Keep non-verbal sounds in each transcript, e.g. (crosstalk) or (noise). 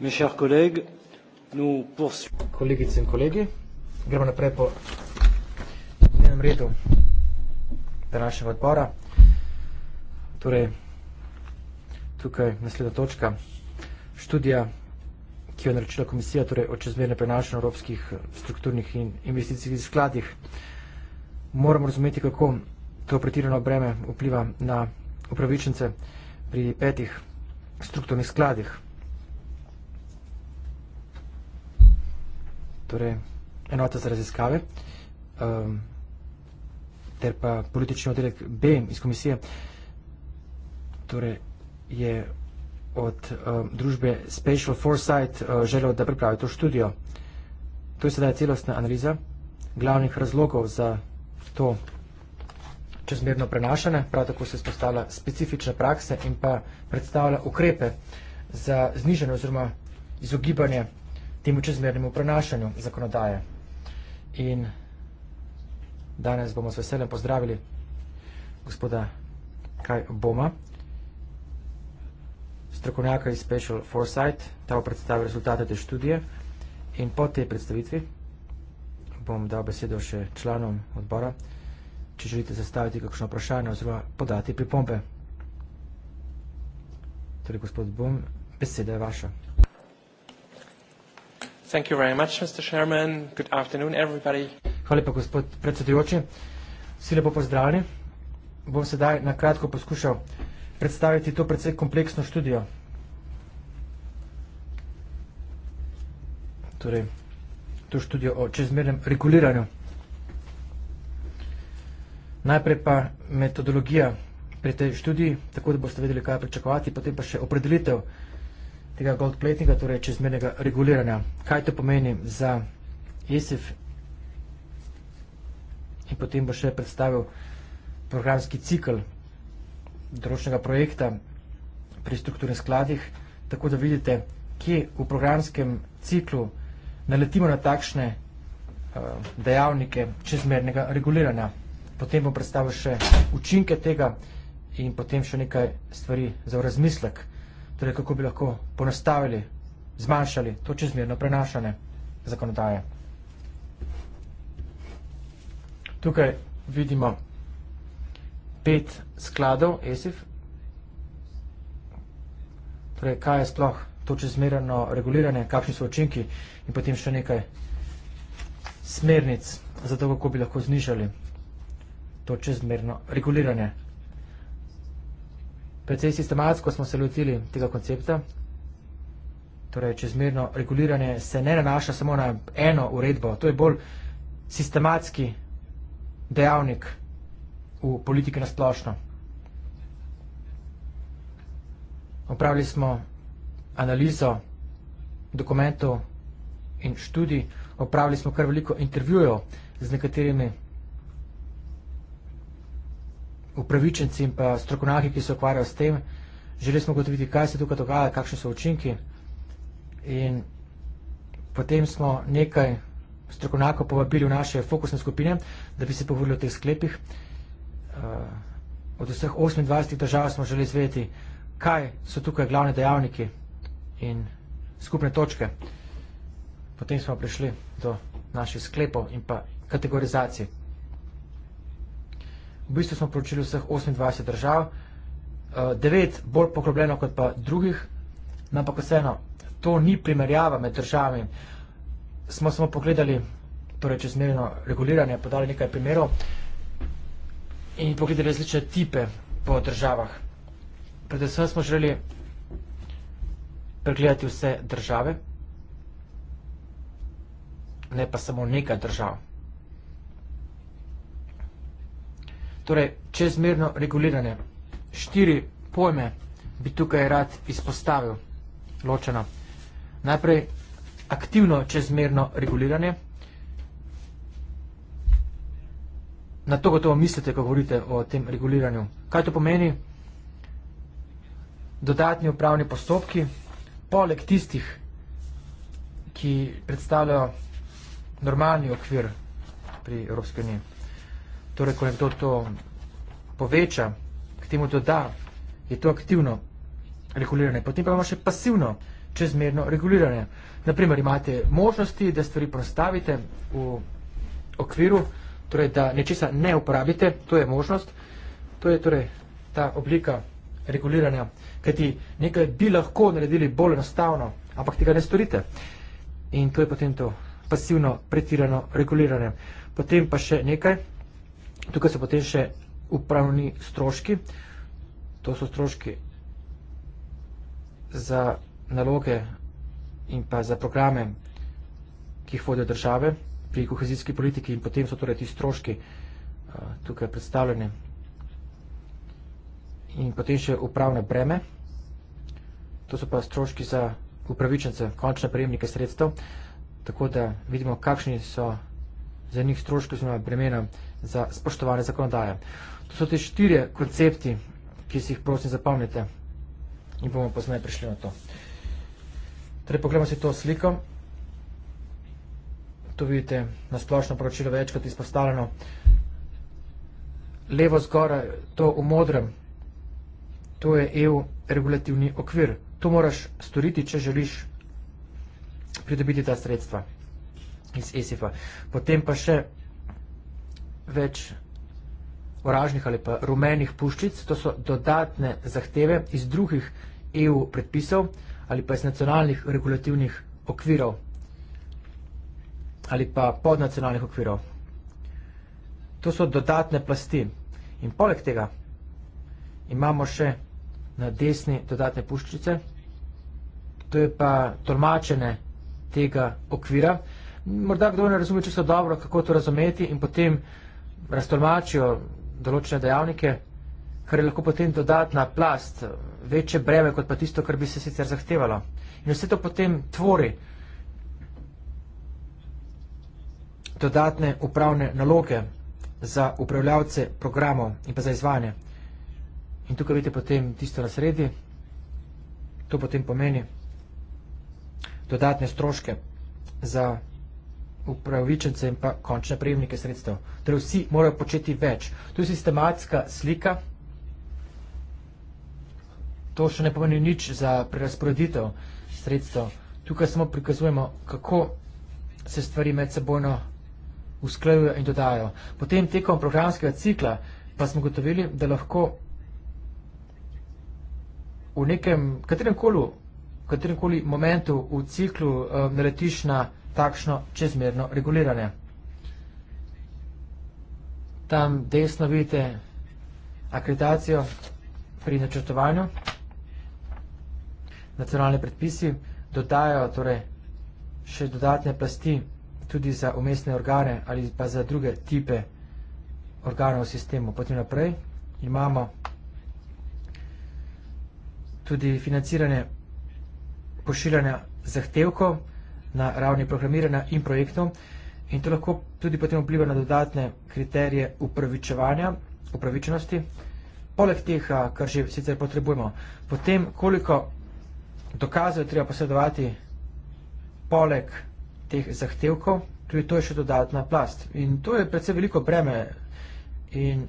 Kolegice in kolegi, gremo naprej po dnevnem redu današnjega odbora. Torej, tukaj naslednja točka, študija, ki jo je naročila komisija, torej o čezmerne prenašanje evropskih strukturnih in investicijskih skladih. Moramo razumeti, kako to pretirano breme vpliva na upravičence pri petih strukturnih skladih. torej enota za raziskave, um, ter pa politični oddelek B iz komisije, torej je od um, družbe Special Foresight uh, želel, da pripravi to študijo. To je sedaj celostna analiza glavnih razlogov za to čezmerno prenašanje, prav tako se spostavlja specifične prakse in pa predstavlja ukrepe za znižanje oziroma izogibanje temu čezmernemu prenašanju zakonodaje. In danes bomo s veseljem pozdravili gospoda Kaj Boma, strokovnjaka iz Special Foresight, ta bo predstavil rezultate te študije in po tej predstavitvi bom dal besedo še članom odbora, če želite zastaviti kakšno vprašanje oziroma podati pripombe. Torej, gospod Bom, beseda je vaša. Thank you very much, Mr. Chairman. Good afternoon, everybody. Hvala lepa, gospod predsedujoči. Vsi lepo pozdravljeni. Bom sedaj na kratko poskušal predstaviti to precej kompleksno študijo. Torej, to študijo o čezmernem reguliranju. Najprej pa metodologija pri tej študiji, tako da boste vedeli, kaj pričakovati, potem pa še opredelitev tega goldplatinga, torej čezmernega reguliranja. Kaj to pomeni za ISIF? In potem bo še predstavil programski cikl določnega projekta pri strukturnih skladih, tako da vidite, kje v programskem ciklu naletimo na takšne eh, dejavnike čezmernega reguliranja. Potem bom predstavil še učinke tega in potem še nekaj stvari za razmislek torej kako bi lahko ponastavili, zmanjšali to čezmerno prenašanje zakonodaje. Tukaj vidimo pet skladov ESIF, torej kaj je sploh to čezmerno reguliranje, kakšni so očinki in potem še nekaj smernic za to, kako bi lahko znižali to čezmerno reguliranje Precej sistematsko smo se lotili tega koncepta. Torej, čezmerno reguliranje se ne nanaša samo na eno uredbo, to je bolj sistematski dejavnik v politiki na splošno. Opravili smo analizo dokumentov in študij, opravili smo kar veliko intervjujev z nekaterimi upravičenci in pa strokovnjaki, ki se ukvarjajo s tem. Želeli smo ugotoviti, kaj se tukaj dogaja, kakšni so učinki. In potem smo nekaj strokovnjakov povabili v naše fokusne skupine, da bi se pogovorili o teh sklepih. Uh, od vseh 28 držav smo želeli izvedeti, kaj so tukaj glavne dejavniki in skupne točke. Potem smo prišli do naših sklepov in pa kategorizacije v bistvu smo poročili vseh 28 držav, eh, devet bolj poglobljeno kot pa drugih, no, ampak vseeno, to ni primerjava med državami. Smo samo pogledali, torej čezmerno reguliranje, podali nekaj primerov in pogledali različne tipe po državah. Predvsem smo želeli pregledati vse države, ne pa samo nekaj držav. torej čezmerno reguliranje. Štiri pojme bi tukaj rad izpostavil ločeno. Najprej aktivno čezmerno reguliranje. Na to gotovo mislite, ko govorite o tem reguliranju. Kaj to pomeni? Dodatni upravni postopki, poleg tistih, ki predstavljajo normalni okvir pri Evropske unije. Torej, ko nekdo to poveča, k temu doda, je to aktivno reguliranje. Potem pa imamo še pasivno, čezmerno reguliranje. Naprimer, imate možnosti, da stvari prostavite v okviru, torej, da nečesa ne uporabite, to je možnost. To je torej ta oblika reguliranja, kajti nekaj bi lahko naredili bolj enostavno, ampak tega ne storite. In to je potem to pasivno pretirano reguliranje. Potem pa še nekaj, Tukaj so potem še upravni stroški. To so stroški za naloge in pa za programe, ki jih vodijo države pri kohezijski politiki in potem so torej ti stroški eh, tukaj predstavljeni. In potem še upravne breme. To so pa stroški za upravičence, končne prejemnike sredstev. Tako da vidimo, kakšni so za njih stroške oziroma bremena za spoštovanje zakonodaje. To so te štiri koncepti, ki si jih prosim zapomnite in bomo poznaj prišli na to. Torej, pogledamo si to sliko. Tu vidite na splošno poročilo večkrat izpostavljeno. Levo zgoraj, to v modrem, to je EU regulativni okvir. To moraš storiti, če želiš pridobiti ta sredstva iz ISIF-a. Potem pa še več oražnih ali pa rumenih puščic, to so dodatne zahteve iz drugih EU predpisov ali pa iz nacionalnih regulativnih okvirov ali pa podnacionalnih okvirov. To so dodatne plasti. In poleg tega imamo še na desni dodatne puščice, to je pa tolmačene tega okvira, ki je morda kdo ne razume čisto dobro, kako to razumeti in potem raztolmačijo določene dejavnike, kar je lahko potem dodatna plast, večje breme kot pa tisto, kar bi se sicer zahtevalo. In vse to potem tvori dodatne upravne naloge za upravljavce programov in pa za izvanje. In tukaj vidite potem tisto na sredi, to potem pomeni dodatne stroške za upravljavce upravičence in pa končne prejemnike sredstev. Torej vsi morajo početi več. To je sistematska slika. To še ne pomeni nič za prerasporeditev sredstev. Tukaj samo prikazujemo, kako se stvari med sebojno usklajujejo in dodajo. Potem tekom programskega cikla pa smo gotovili, da lahko v nekem, katerem koli momentu v ciklu um, naletiš na takšno čezmerno reguliranje. Tam desno vidite akreditacijo pri načrtovanju. Nacionalni predpisi dodajajo torej še dodatne plasti tudi za umestne organe ali pa za druge tipe organov v sistemu. Potem naprej imamo tudi financiranje pošiljanja zahtevkov, na ravni programiranja in projektov in to lahko tudi potem vpliva na dodatne kriterije upravičevanja, upravičenosti, poleg teh, kar že sicer potrebujemo. Potem, koliko dokazov je treba posredovati poleg teh zahtevkov, tudi to je še dodatna plast. In to je predvsem veliko breme in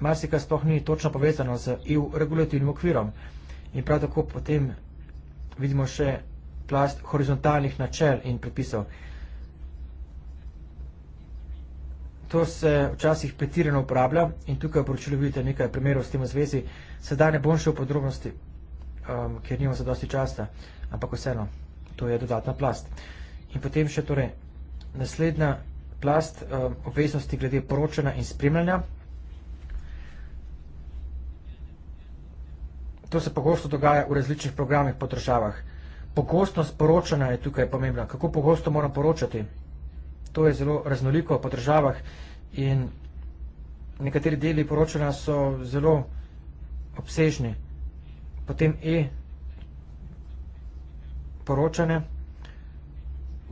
marsika sploh ni točno povezano z EU regulativnim okvirom. In prav tako potem vidimo še plast horizontalnih načel in predpisov. To se včasih pretirano uporablja in tukaj v poročilu vidite nekaj primerov s tem v zvezi. Sedaj ne bom šel v podrobnosti, um, ker nimam za dosti časta, ampak vseeno, to je dodatna plast. In potem še torej naslednja plast um, obveznosti glede poročanja in spremljanja. To se pogosto dogaja v različnih programih po državah. Pogostnost poročanja je tukaj pomembna. Kako pogosto moram poročati? To je zelo raznoliko po državah in nekateri deli poročanja so zelo obsežni. Potem E poročanje.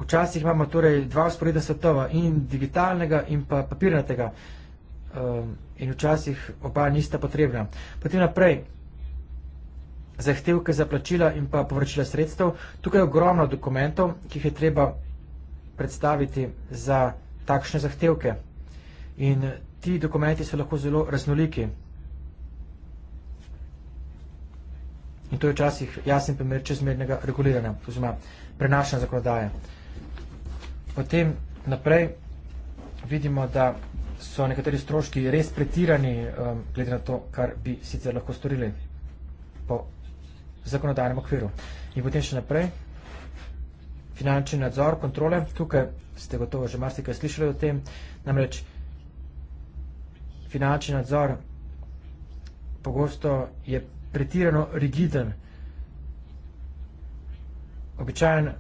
Včasih imamo torej dva usporedna svetova in digitalnega in pa papirnatega. Ehm, in včasih oba nista potrebna. Potem naprej, zahtevke za plačila in pa povračila sredstev. Tukaj je ogromno dokumentov, ki jih je treba predstaviti za takšne zahtevke. In ti dokumenti so lahko zelo raznoliki. In to je včasih jasen primer čezmernega reguliranja, oziroma prenašanja zakonodaje. Potem naprej vidimo, da so nekateri stroški res pretirani, um, glede na to, kar bi sicer lahko storili po v zakonodajnem okviru. In potem še naprej, finančni nadzor, kontrole, tukaj ste gotovo že marsikaj slišali o tem, namreč finančni nadzor pogosto je pretirano rigiden. Običajen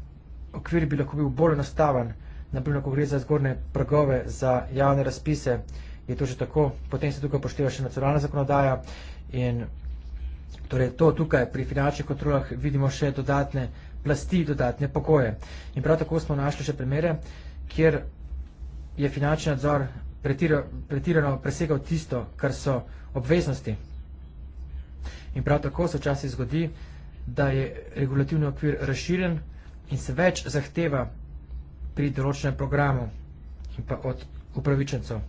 okvir bi lahko bil bolj nastavan, naprimer, ko gre za zgornje pragove, za javne razpise, je to že tako, potem se tukaj pošteva še nacionalna zakonodaja in Torej, to tukaj pri finančnih kontrolah vidimo še dodatne plasti, dodatne pokoje. In prav tako smo našli še primere, kjer je finančni nadzor pretirano presegal tisto, kar so obveznosti. In prav tako se včasih zgodi, da je regulativni okvir razširjen in se več zahteva pri določenem programu in pa od upravičencev.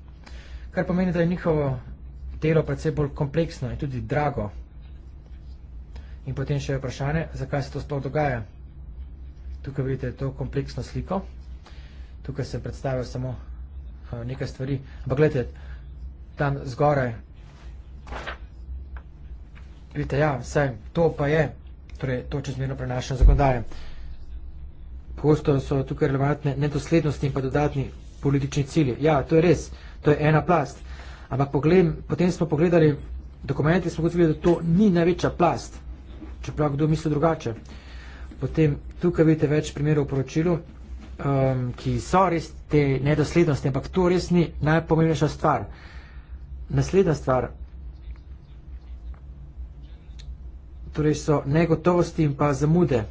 Kar pomeni, da je njihovo delo predvsej bolj kompleksno in tudi drago. In potem še vprašanje, zakaj se to sploh dogaja. Tukaj vidite to kompleksno sliko, tukaj se predstavijo samo eh, nekaj stvari. Ampak gledajte, tam zgoraj, vidite, ja, vse to pa je, torej to čezmerno prenašanje zakonodaje. Pogosto so tukaj relevantne nedoslednosti in pa dodatni politični cilji. Ja, to je res, to je ena plast. Ampak potem smo pogledali dokumenti, smo gotovili, da to ni največja plast čeprav kdo misli drugače. Potem tukaj vidite več primerov v poročilu, um, ki so res te nedoslednosti, ampak to res ni najpomembnejša stvar. Naslednja stvar, torej so negotovosti in pa zamude.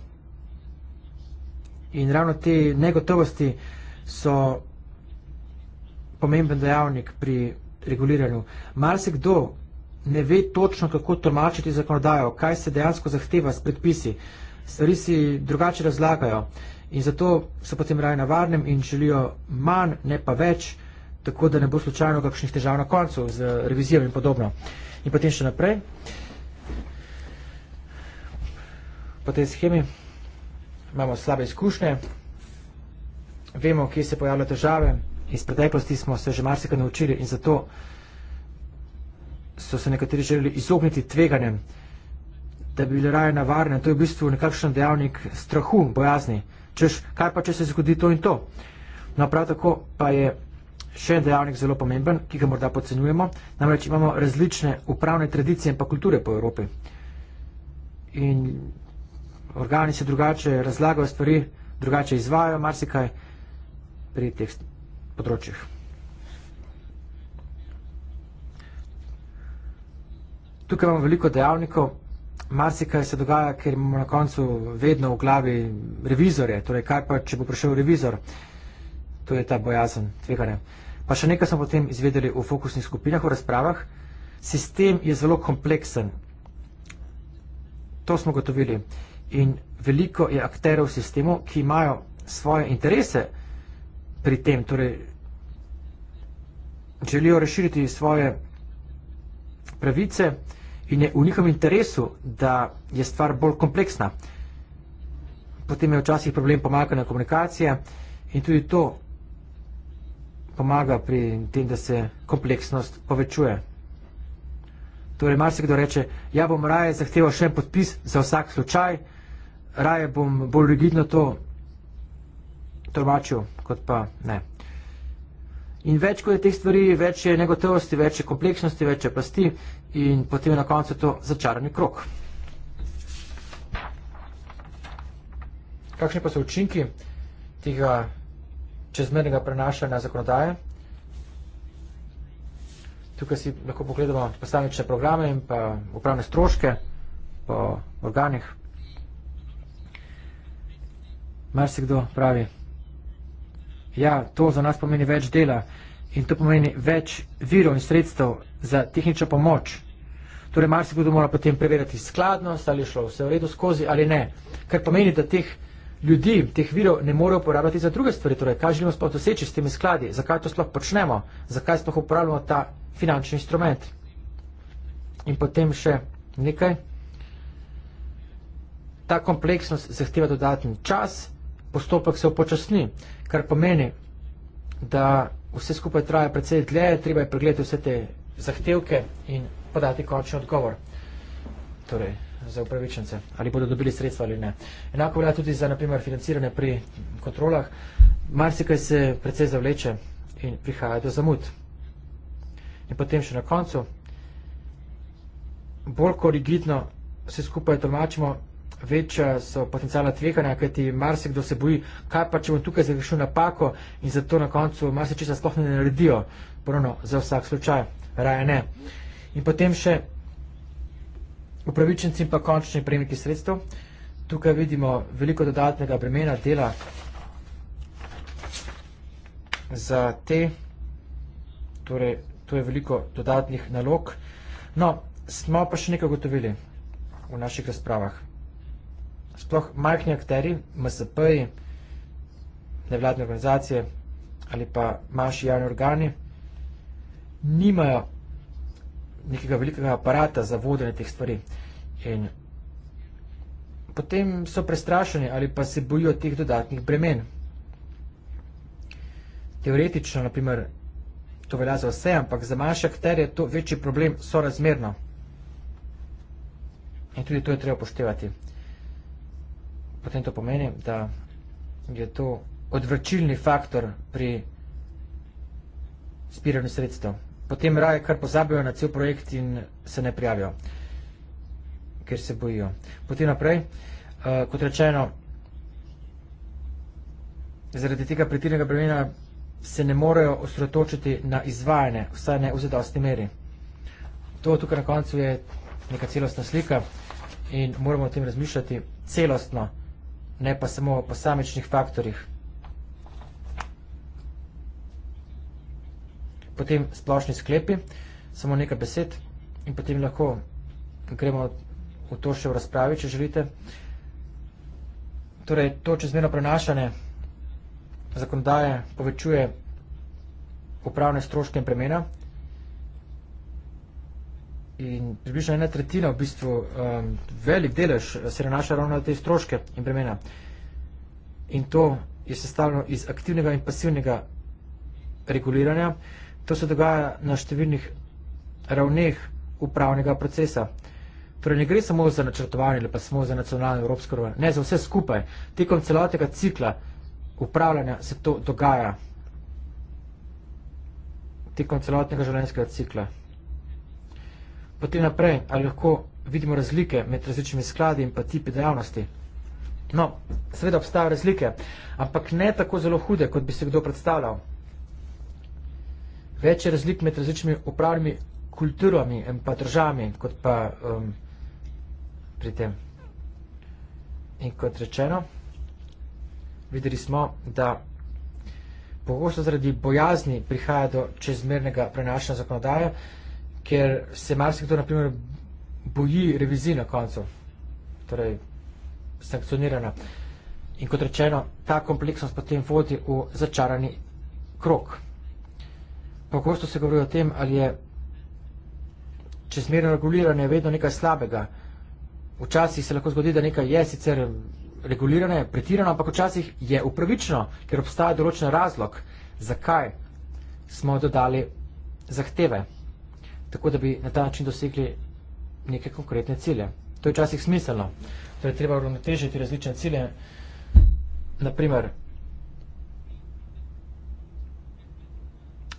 In ravno te negotovosti so pomemben dejavnik pri reguliranju. Mar se kdo ne ve točno, kako tolmačiti zakonodajo, kaj se dejansko zahteva s predpisi. Stvari si drugače razlagajo in zato so potem raje na varnem in želijo manj, ne pa več, tako da ne bo slučajno kakšnih težav na koncu z revizijo in podobno. In potem še naprej, po tej schemi imamo slabe izkušnje, vemo, kje se pojavljajo težave, iz preteklosti smo se že marsikaj naučili in zato vsega, so se nekateri želeli izogniti tveganjem, da bi bili raje navarne. To je v bistvu nekakšen dejavnik strahu, bojazni. Češ, kaj pa, če se zgodi to in to? No, prav tako pa je še en dejavnik zelo pomemben, ki ga morda podcenjujemo. Namreč imamo različne upravne tradicije in pa kulture po Evropi. In organi se drugače razlagajo stvari, drugače izvajo marsikaj pri teh področjih. Tukaj imamo veliko dejavnikov, marsikaj se dogaja, ker imamo na koncu vedno v glavi revizorje, torej kaj pa, če bo prišel revizor, to je ta bojazen tveganja. Pa še nekaj smo potem izvedeli v fokusnih skupinah, v razpravah. Sistem je zelo kompleksen. To smo gotovili. In veliko je akterov v sistemu, ki imajo svoje interese pri tem, torej želijo razširiti svoje pravice in je v njihovem interesu, da je stvar bolj kompleksna. Potem je včasih problem pomakanja komunikacije in tudi to pomaga pri tem, da se kompleksnost povečuje. Torej, marsikdo reče, ja bom raje zahteval še en podpis za vsak slučaj, raje bom bolj rigidno to tolmačil, kot pa ne. In več kot je teh stvari, več je negotovosti, več je kompleksnosti, več je plasti in potem je na koncu to začarani krok. Kakšni pa so učinki tega čezmernega prenašanja zakonodaje? Tukaj si lahko pogledamo posamične programe in pa upravne stroške po organih. Mar se kdo pravi, Ja, to za nas pomeni več dela in to pomeni več virov in sredstev za tehnično pomoč. Torej, marsikdo mora potem preverjati skladnost, ali je šlo vse v redu skozi ali ne. Kar pomeni, da teh ljudi, teh virov ne more uporabljati za druge stvari. Torej, kaj želimo sploh doseči s temi skladi, zakaj to sploh počnemo, zakaj sploh uporabljamo ta finančni instrument. In potem še nekaj. Ta kompleksnost zahteva dodatni čas, postopek se upočasni, kar pomeni, da vse skupaj traja precej dlje, treba je pregledati vse te zahtevke in podati končni odgovor. Torej, za upravičence, ali bodo dobili sredstva ali ne. Enako velja tudi za, naprimer, financiranje pri kontrolah. Marsikaj se precej zavleče in prihaja do zamud. In potem še na koncu, bolj ko rigidno vse skupaj tolmačimo, večja so potencijalna tveganja, ker ti marsikdo se boji, kaj pa če bom tukaj zagrešil napako in zato na koncu marsikaj se sploh ne naredijo. Ponovno, za vsak slučaj, raje ne. In potem še upravičenci in pa končni prejemniki sredstev. Tukaj vidimo veliko dodatnega bremena dela za te. Torej, to je veliko dodatnih nalog. No, smo pa še nekaj gotovili v naših razpravah sploh majhni akteri, MSP-ji, nevladne organizacije ali pa manjši javni organi, nimajo nekega velikega aparata za vodenje teh stvari. In potem so prestrašeni ali pa se bojijo teh dodatnih bremen. Teoretično, naprimer, to velja za vse, ampak za manjše akterje je to večji problem sorazmerno. In tudi to je treba upoštevati potem to pomeni, da je to odvrčilni faktor pri spiranju sredstev. Potem raje kar pozabijo na cel projekt in se ne prijavijo, ker se bojijo. Potem naprej, uh, kot rečeno, zaradi tega pretirnega bremena se ne morejo osredotočiti na izvajanje, vsaj ne v zadosti meri. To tukaj na koncu je neka celostna slika in moramo o tem razmišljati celostno ne pa samo o posamičnih faktorjih. Potem splošni sklepi, samo nekaj besed in potem lahko gremo v to še v razpravi, če želite. Torej, to čezmerno prenašanje zakonodaje povečuje upravne stroške in premena, in približno ena tretjina, v bistvu um, velik delež eh, se nanaša ravno na te stroške in bremena. In to je sestavljeno iz aktivnega in pasivnega reguliranja. To se dogaja na številnih ravneh upravnega procesa. Torej, ne gre samo za načrtovanje ali pa samo za nacionalno evropsko ravno, ne za vse skupaj. Tekom celotnega cikla upravljanja se to dogaja. Tekom celotnega življenjskega cikla. Potem naprej, ali lahko vidimo razlike med različnimi skladi in pa tipi dejavnosti. No, seveda obstajajo razlike, ampak ne tako zelo hude, kot bi se kdo predstavljal. Več je razlik med različnimi upravnimi kulturami in pa državami, kot pa um, pri tem. In kot rečeno, videli smo, da pogosto zaradi bojazni prihaja do čezmernega prenašanja zakonodaje, ker se marsikdo, na primer, boji revizij na koncu, torej sankcionirana. In kot rečeno, ta kompleksnost potem vodi v začarani krok. Pogosto se govori o tem, ali je čezmerno regulirano vedno nekaj slabega. Včasih se lahko zgodi, da nekaj je sicer regulirano, pretirano, ampak včasih je upravičeno, ker obstaja določen razlog, zakaj smo dodali zahteve tako da bi na ta način dosegli neke konkretne cilje. To je včasih smiselno. Torej, treba uravnotežiti različne cilje. Naprimer,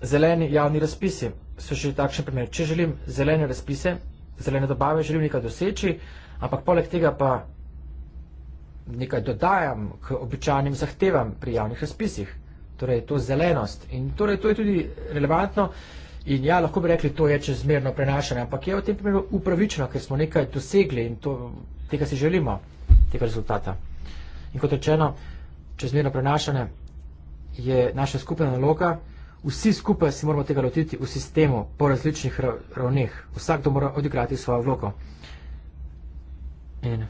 zeleni javni razpisi so še takšen primer. Če želim zelene razpise, zelene dobave, želim nekaj doseči, ampak poleg tega pa nekaj dodajam k običajnim zahtevam pri javnih razpisih. Torej, to zelenost. In torej, to je tudi relevantno, In ja, lahko bi rekli, to je čezmerno prenašanje, ampak je v tem primeru upravičeno, ker smo nekaj dosegli in to, tega si želimo, tega rezultata. In kot rečeno, čezmerno prenašanje je naša skupna naloga, vsi skupaj si moramo tega lotiti v sistemu po različnih ravneh. Vsakdo mora odigrati svojo vlogo. In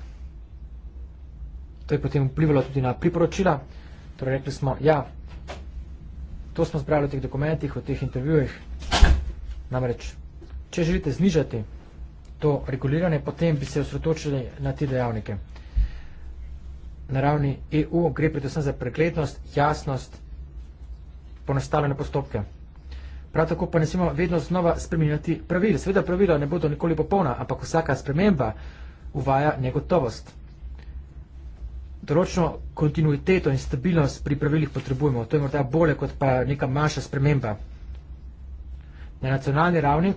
to je potem vplivalo tudi na priporočila. Torej rekli smo, ja, to smo zbrali v teh dokumentih, v teh intervjujih. Namreč, če želite znižati to reguliranje, potem bi se osredotočili na te dejavnike. Na ravni EU gre predvsem za preglednost, jasnost, ponastavljene postopke. Prav tako pa ne smemo vedno znova spremenjati pravil. Sveda pravila ne bodo nikoli popolna, ampak vsaka sprememba uvaja negotovost določeno kontinuiteto in stabilnost pri pravilih potrebujemo. To je morda bolje kot pa neka manjša sprememba. Na nacionalni ravni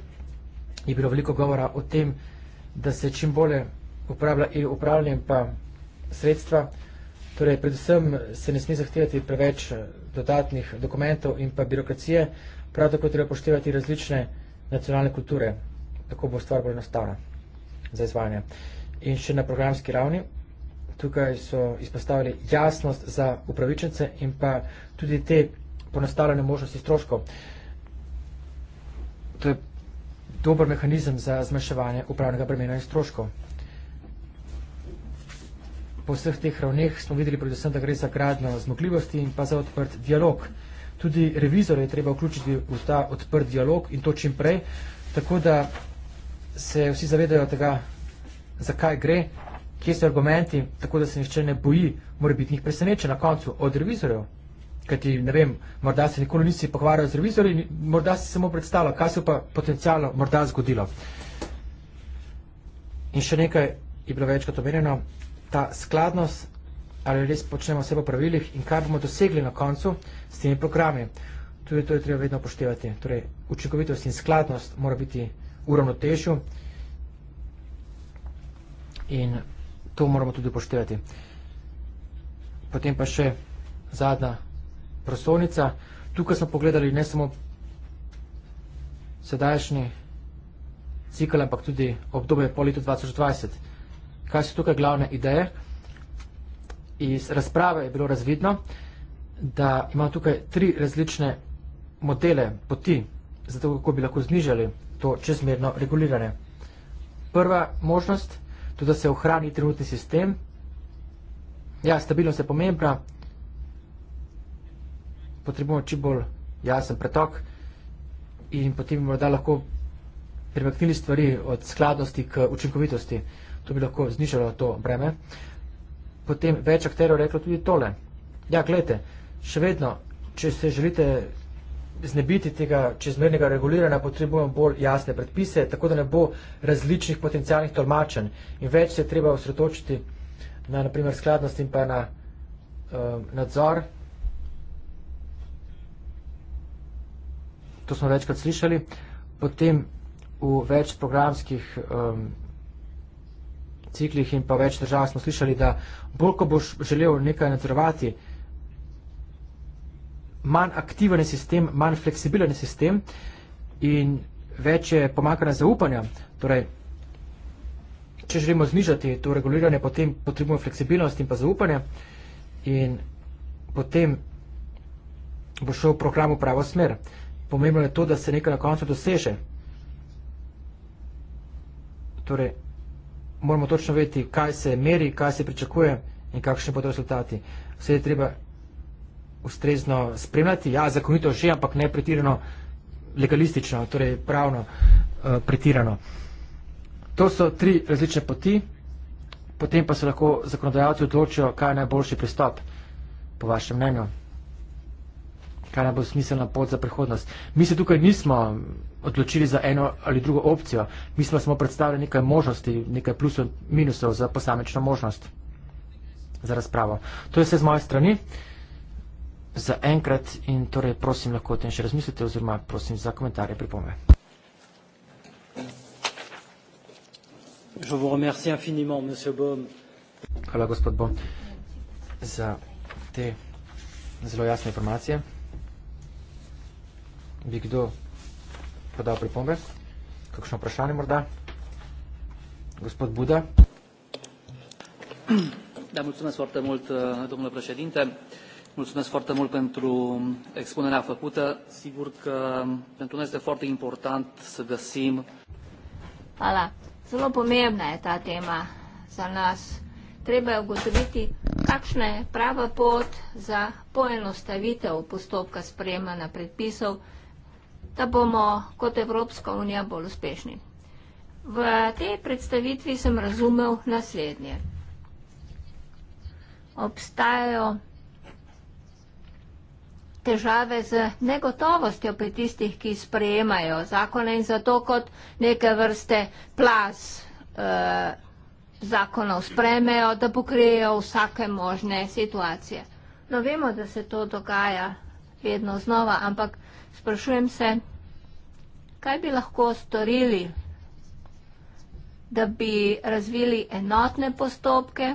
je bilo veliko govora o tem, da se čim bolje uporablja in upravljanje pa sredstva. Torej, predvsem se ne sme zahtevati preveč eh, dodatnih dokumentov in pa birokracije, prav tako treba poštevati različne nacionalne kulture, tako bo stvar bolj enostavna za izvajanje. In še na programski ravni tukaj so izpostavili jasnost za upravičence in pa tudi te ponastavljene možnosti stroškov. To je dober mehanizem za zmanjševanje upravnega bremena in stroškov. Po vseh teh ravneh smo videli predvsem, da gre za gradno zmogljivosti in pa za odprt dialog. Tudi revizore je treba vključiti v ta odprt dialog in to čim prej, tako da se vsi zavedajo tega, zakaj gre kje so argumenti, tako da se nihče ne boji morebitnih presenečen na koncu od revizorjev. Kaj ti ne vem, morda se nikoli nisi pogovarjal z revizorji, morda si samo predstavljal, kaj se pa potencialno morda zgodilo. In še nekaj je bilo večkrat omenjeno, ta skladnost, ali res počnemo vse po pravilih in kaj bomo dosegli na koncu s temi programi. Tudi to je treba vedno upoštevati. Torej, učinkovitost in skladnost mora biti uravnotežju. In to moramo tudi upoštevati. Potem pa še zadnja prosovnica. Tukaj smo pogledali ne samo sedajšnji cikl, ampak tudi obdobje po letu 2020. Kaj so tukaj glavne ideje? Iz razprave je bilo razvidno, da imamo tukaj tri različne modele, poti, zato kako bi lahko znižali to čezmerno reguliranje. Prva možnost je, tudi da se ohrani trenutni sistem. Ja, stabilnost je pomembna, potrebujemo čim bolj jasen pretok in potem bi morda lahko premaknili stvari od skladnosti k učinkovitosti. To bi lahko znižalo to breme. Potem več akterov reklo tudi tole. Ja, gledajte, še vedno, če se želite znebiti tega čezmernega reguliranja, potrebujemo bolj jasne predpise, tako da ne bo različnih potencijalnih tolmačenj in več se je treba osredotočiti na naprimer skladnost in pa na eh, nadzor. To smo večkrat slišali. Potem v več programskih eh, ciklih in pa več držav smo slišali, da bolj ko boš želel nekaj nadzorovati, manj aktiven sistem, manj fleksibilen sistem in več je pomakanja zaupanja. Torej, če želimo znižati to reguliranje, potem potrebujemo fleksibilnost in pa zaupanje in potem bo šel program v pravo smer. Pomembno je to, da se nekaj na koncu doseže. Torej, moramo točno vedeti, kaj se meri, kaj se pričakuje in kakšni bodo rezultati. Vse je treba ustrezno spremljati. Ja, zakonito že, ampak ne pretirano legalistično, torej pravno uh, pretirano. To so tri različne poti, potem pa se lahko zakonodajalci odločijo, kaj je najboljši pristop, po vašem mnenju. Kaj nam bo smiselna pot za prihodnost? Mi se tukaj nismo odločili za eno ali drugo opcijo. Mi smo samo predstavili nekaj možnosti, nekaj plusov in minusov za posamečno možnost za razpravo. To je vse z moje strani za enkrat in torej prosim lahko o tem še razmislite oziroma prosim za komentarje pripome. Hvala, gospod Bo, za te zelo jasne informacije. Bi kdo podal pripombe? Kakšno vprašanje morda? Gospod Buda? Da, mulțumesc foarte mult, domnule președinte. Mulțumesc foarte mult pentru expunerea făcută. Sigur că pentru noi este foarte important să găsim. Ala, zelo pomembna je ta tema za nas. Treba je ugotoviti, kakšna je prava pot za poenostavitev postopka sprejemanja predpisov, da bomo kot Evropska unija bolj uspešni. V tej predstavitvi sem razumel naslednje. Obstajajo težave z negotovostjo pri tistih, ki sprejemajo zakone in zato kot neke vrste plas eh, zakonov sprejmejo, da pokrijejo vsake možne situacije. No, vemo, da se to dogaja vedno znova, ampak sprašujem se, kaj bi lahko storili, da bi razvili enotne postopke,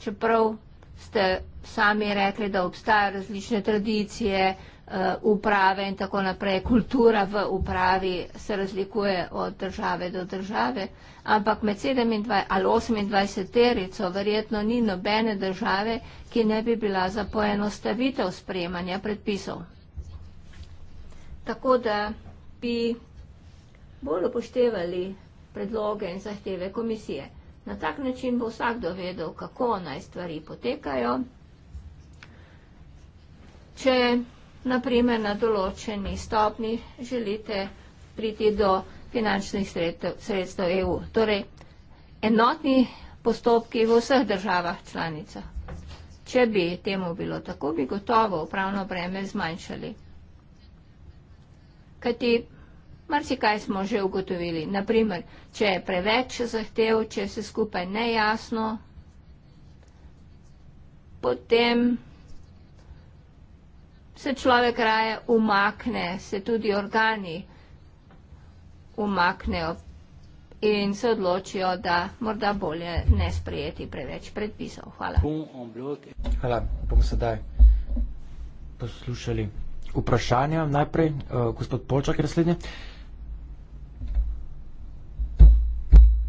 čeprav ste sami rekli, da obstajajo različne tradicije, eh, uprave in tako naprej. Kultura v upravi se razlikuje od države do države, ampak med 27 ali 28 terico verjetno ni nobene države, ki ne bi bila za poenostavitev sprejemanja predpisov. Tako da bi bolj upoštevali predloge in zahteve komisije. Na tak način bo vsakdo vedel, kako naj stvari potekajo. Če naprimer na določeni stopni želite priti do finančnih sredstev, sredstev EU. Torej, enotni postopki v vseh državah članica. Če bi temu bilo tako, bi gotovo upravno breme zmanjšali. Kajti, marsikaj smo že ugotovili. Naprimer, če je preveč zahtev, če je vse skupaj nejasno, potem se človek raje umakne, se tudi organi umaknejo in se odločijo, da morda bolje ne sprejeti preveč predpisov. Hvala. Hvala. Bomo sedaj poslušali vprašanja. Najprej uh, gospod Polčak je naslednje.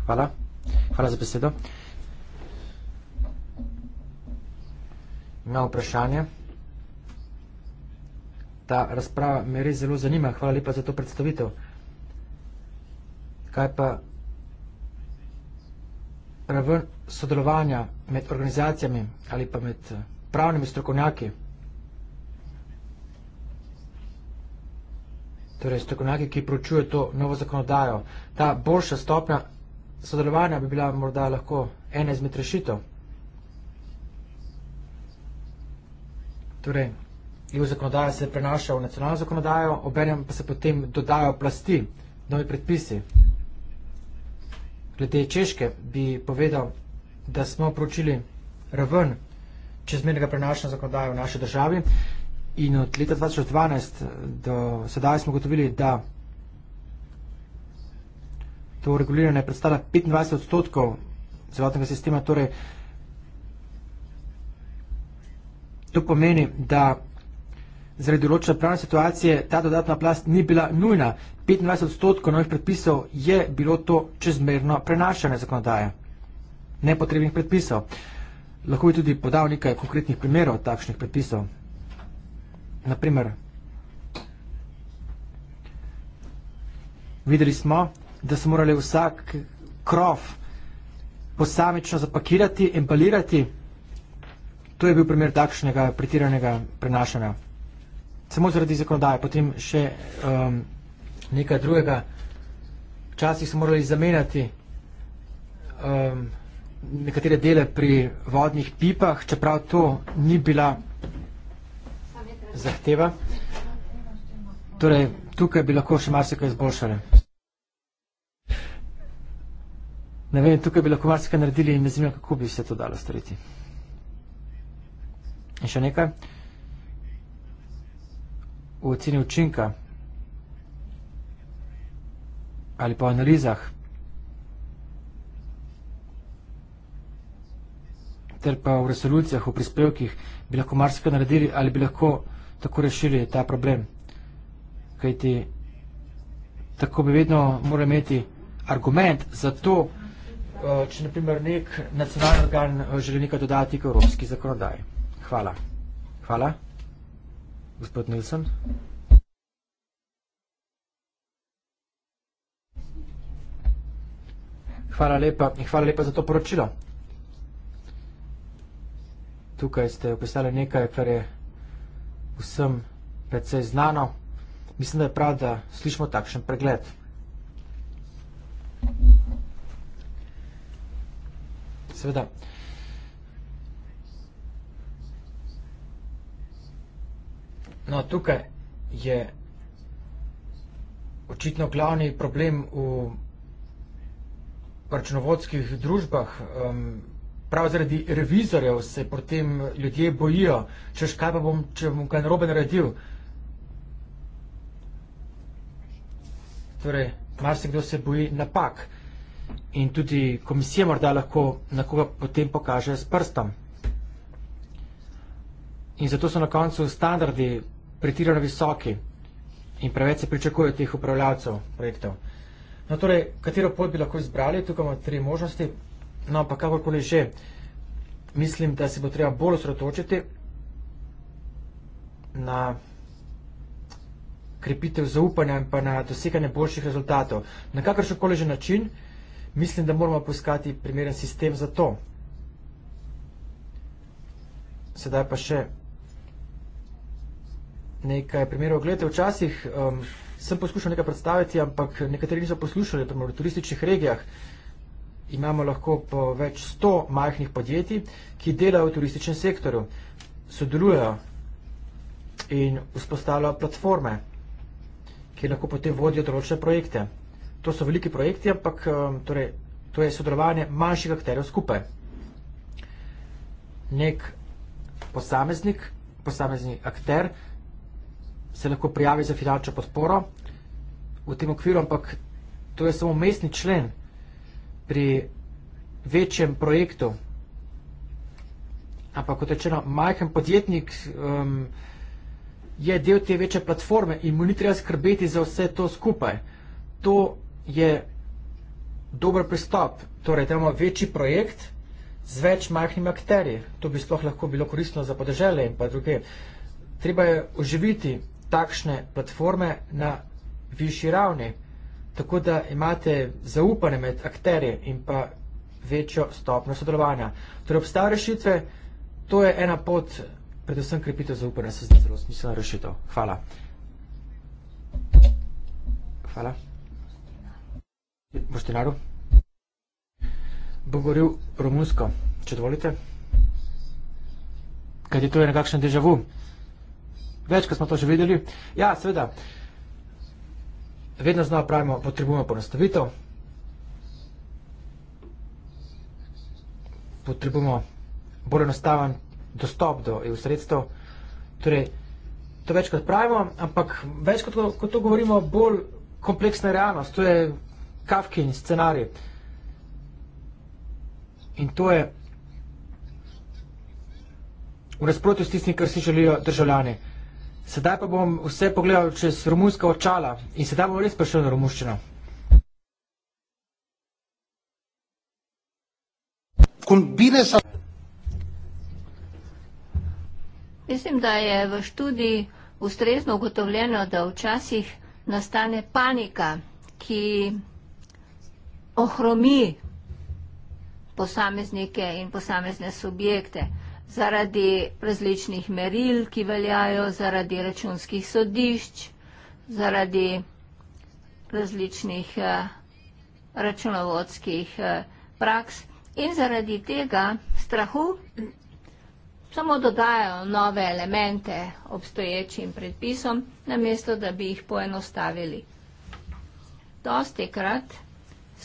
Hvala. Hvala za besedo. Ima vprašanje ta razprava me res zelo zanima. Hvala lepa za to predstavitev. Kaj pa raven sodelovanja med organizacijami ali pa med eh, pravnimi strokovnjaki? Torej, strokovnjaki, ki pročuje to novo zakonodajo. Ta boljša stopnja sodelovanja bi bila morda lahko ena izmed rešitev. Torej, EU zakonodaja se prenaša v nacionalno zakonodajo, obenem pa se potem dodajo plasti, novi predpisi. Glede Češke bi povedal, da smo pročili raven čezmernega prenašanja zakonodaje v naši državi in od leta 2012 do sedaj smo gotovili, da to reguliranje predstavlja 25 odstotkov celotnega sistema, torej to pomeni, da Zaradi določene pravne situacije ta dodatna plast ni bila nujna. 25 odstotkov novih predpisov je bilo to čezmerno prenašanje zakonodaje, nepotrebnih predpisov. Lahko bi tudi podal nekaj konkretnih primerov takšnih predpisov. Naprimer, videli smo, da so morali vsak krov posamično zapakirati, embalirati. To je bil primer takšnega pretiranega prenašanja samo zaradi zakonodaje, potem še um, nekaj drugega. Včasih so morali zamenjati um, nekatere dele pri vodnih pipah, čeprav to ni bila zahteva. Torej, tukaj bi lahko še marsikaj izboljšali. Ne vem, tukaj bi lahko marsikaj naredili in ne vem, kako bi se to dalo storiti. In še nekaj v oceni učinka ali pa v analizah ter pa v resolucijah, v prispevkih, bi lahko marsikaj naredili ali bi lahko tako rešili ta problem. Kajti tako bi vedno morali imeti argument za to, eh, če naprimer nek nacionalni organ eh, želi nekaj dodati k evropski zakonodaji. Hvala. Hvala. Gospod Nilsen. Hvala lepa. Hvala lepa za to poročilo. Tukaj ste opisali nekaj, kar je vsem precej znano. Mislim, da je prav, da slišimo takšen pregled. Seveda. No, tukaj je očitno glavni problem v računovodskih družbah. Um, prav zaradi revizorjev se potem ljudje bojijo, če škaj pa bom, če bom kaj narobe naredil. Torej, marsikdo se boji napak in tudi komisija morda lahko na koga potem pokaže s prstom. In zato so na koncu standardi pretirano visoki in preveč se pričakuje od teh upravljavcev projektov. No, torej, katero pot bi lahko izbrali, tukaj imamo tri možnosti, no, pa kakorkoli že, mislim, da se bo treba bolj osredotočiti na krepitev zaupanja in pa na dosekanje boljših rezultatov. Na kakršenkoli že način, mislim, da moramo poiskati primeren sistem za to. Sedaj pa še nekaj primerov. Glede, včasih um, sem poskušal nekaj predstaviti, ampak nekateri niso poslušali, primer, v turističnih regijah imamo lahko po več sto majhnih podjetij, ki delajo v turističnem sektorju, sodelujejo in vzpostavljajo platforme, ki lahko potem vodijo določene projekte. To so veliki projekti, ampak um, torej, to je sodelovanje manjših akterjev skupaj. Nek posameznik, posamezni akter se lahko prijavi za finančno podporo v tem okviru, ampak to je samo mestni člen pri večjem projektu. Ampak kot rečeno, majhen podjetnik um, je del te večje platforme in mu ni treba skrbeti za vse to skupaj. To je dober pristop. Torej, da imamo večji projekt z več majhnimi akterji. To bi sploh lahko bilo koristno za podeželje in pa druge. Treba je oživiti takšne platforme na višji ravni, tako da imate zaupanje med akterje in pa večjo stopno sodelovanja. Torej, obstajajo rešitve, to je ena pot, predvsem krepitev zaupanja, se zdi zelo smiselna rešitev. Hvala. Hvala. Boštinaru? Bo govoril romunsko, če dovolite. Kaj je to je nekakšen deja vu? Večkrat smo to že videli. Ja, seveda, vedno znova pravimo, potrebujemo ponastavitev. Potrebujemo bolj enostaven dostop do EU sredstev. Torej, to večkrat pravimo, ampak večkrat, ko to govorimo, bolj kompleksna realnost. To je kafkin scenarij. In to je v nasprotju s tistim, kar si želijo državljani. Sedaj pa bom vse pogledal čez romunska očala in sedaj bom res prišel na romuščino. Mislim, da je v študiji ustrezno ugotovljeno, da včasih nastane panika, ki ohromi posameznike in posamezne subjekte zaradi različnih meril, ki veljajo, zaradi računskih sodišč, zaradi različnih eh, računovodskih eh, praks in zaradi tega strahu samo dodajo nove elemente obstoječim predpisom, namesto da bi jih poenostavili. Dosti krat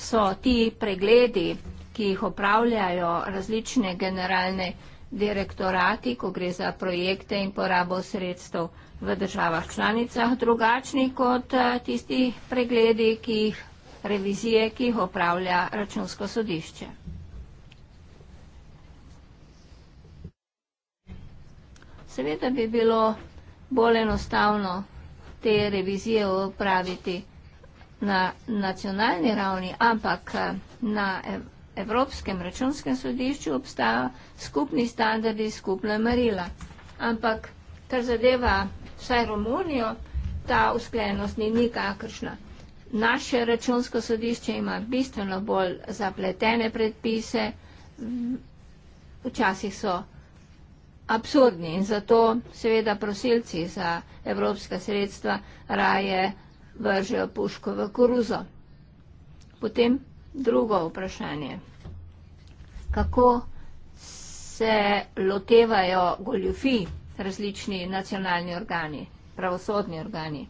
so ti pregledi, ki jih opravljajo različne generalne direktorati, ko gre za projekte in porabo sredstev v državah članicah, drugačni kot eh, tisti pregledi, ki jih revizije, ki jih opravlja računsko sodišče. Seveda bi bilo bolj enostavno te revizije opraviti na nacionalni ravni, ampak eh, na evropski ravni. Evropskem računskem sodišču obstajajo skupni standardi, skupna merila. Ampak, kar zadeva vsaj Romunijo, ta usklenost ni nikakršna. Naše računsko sodišče ima bistveno bolj zapletene predpise, včasih so absurdni in zato seveda prosilci za evropska sredstva raje vržejo puško v koruzo. Potem Drugo vprašanje. Kako se lotevajo goljufij različni nacionalni organi, pravosodni organi?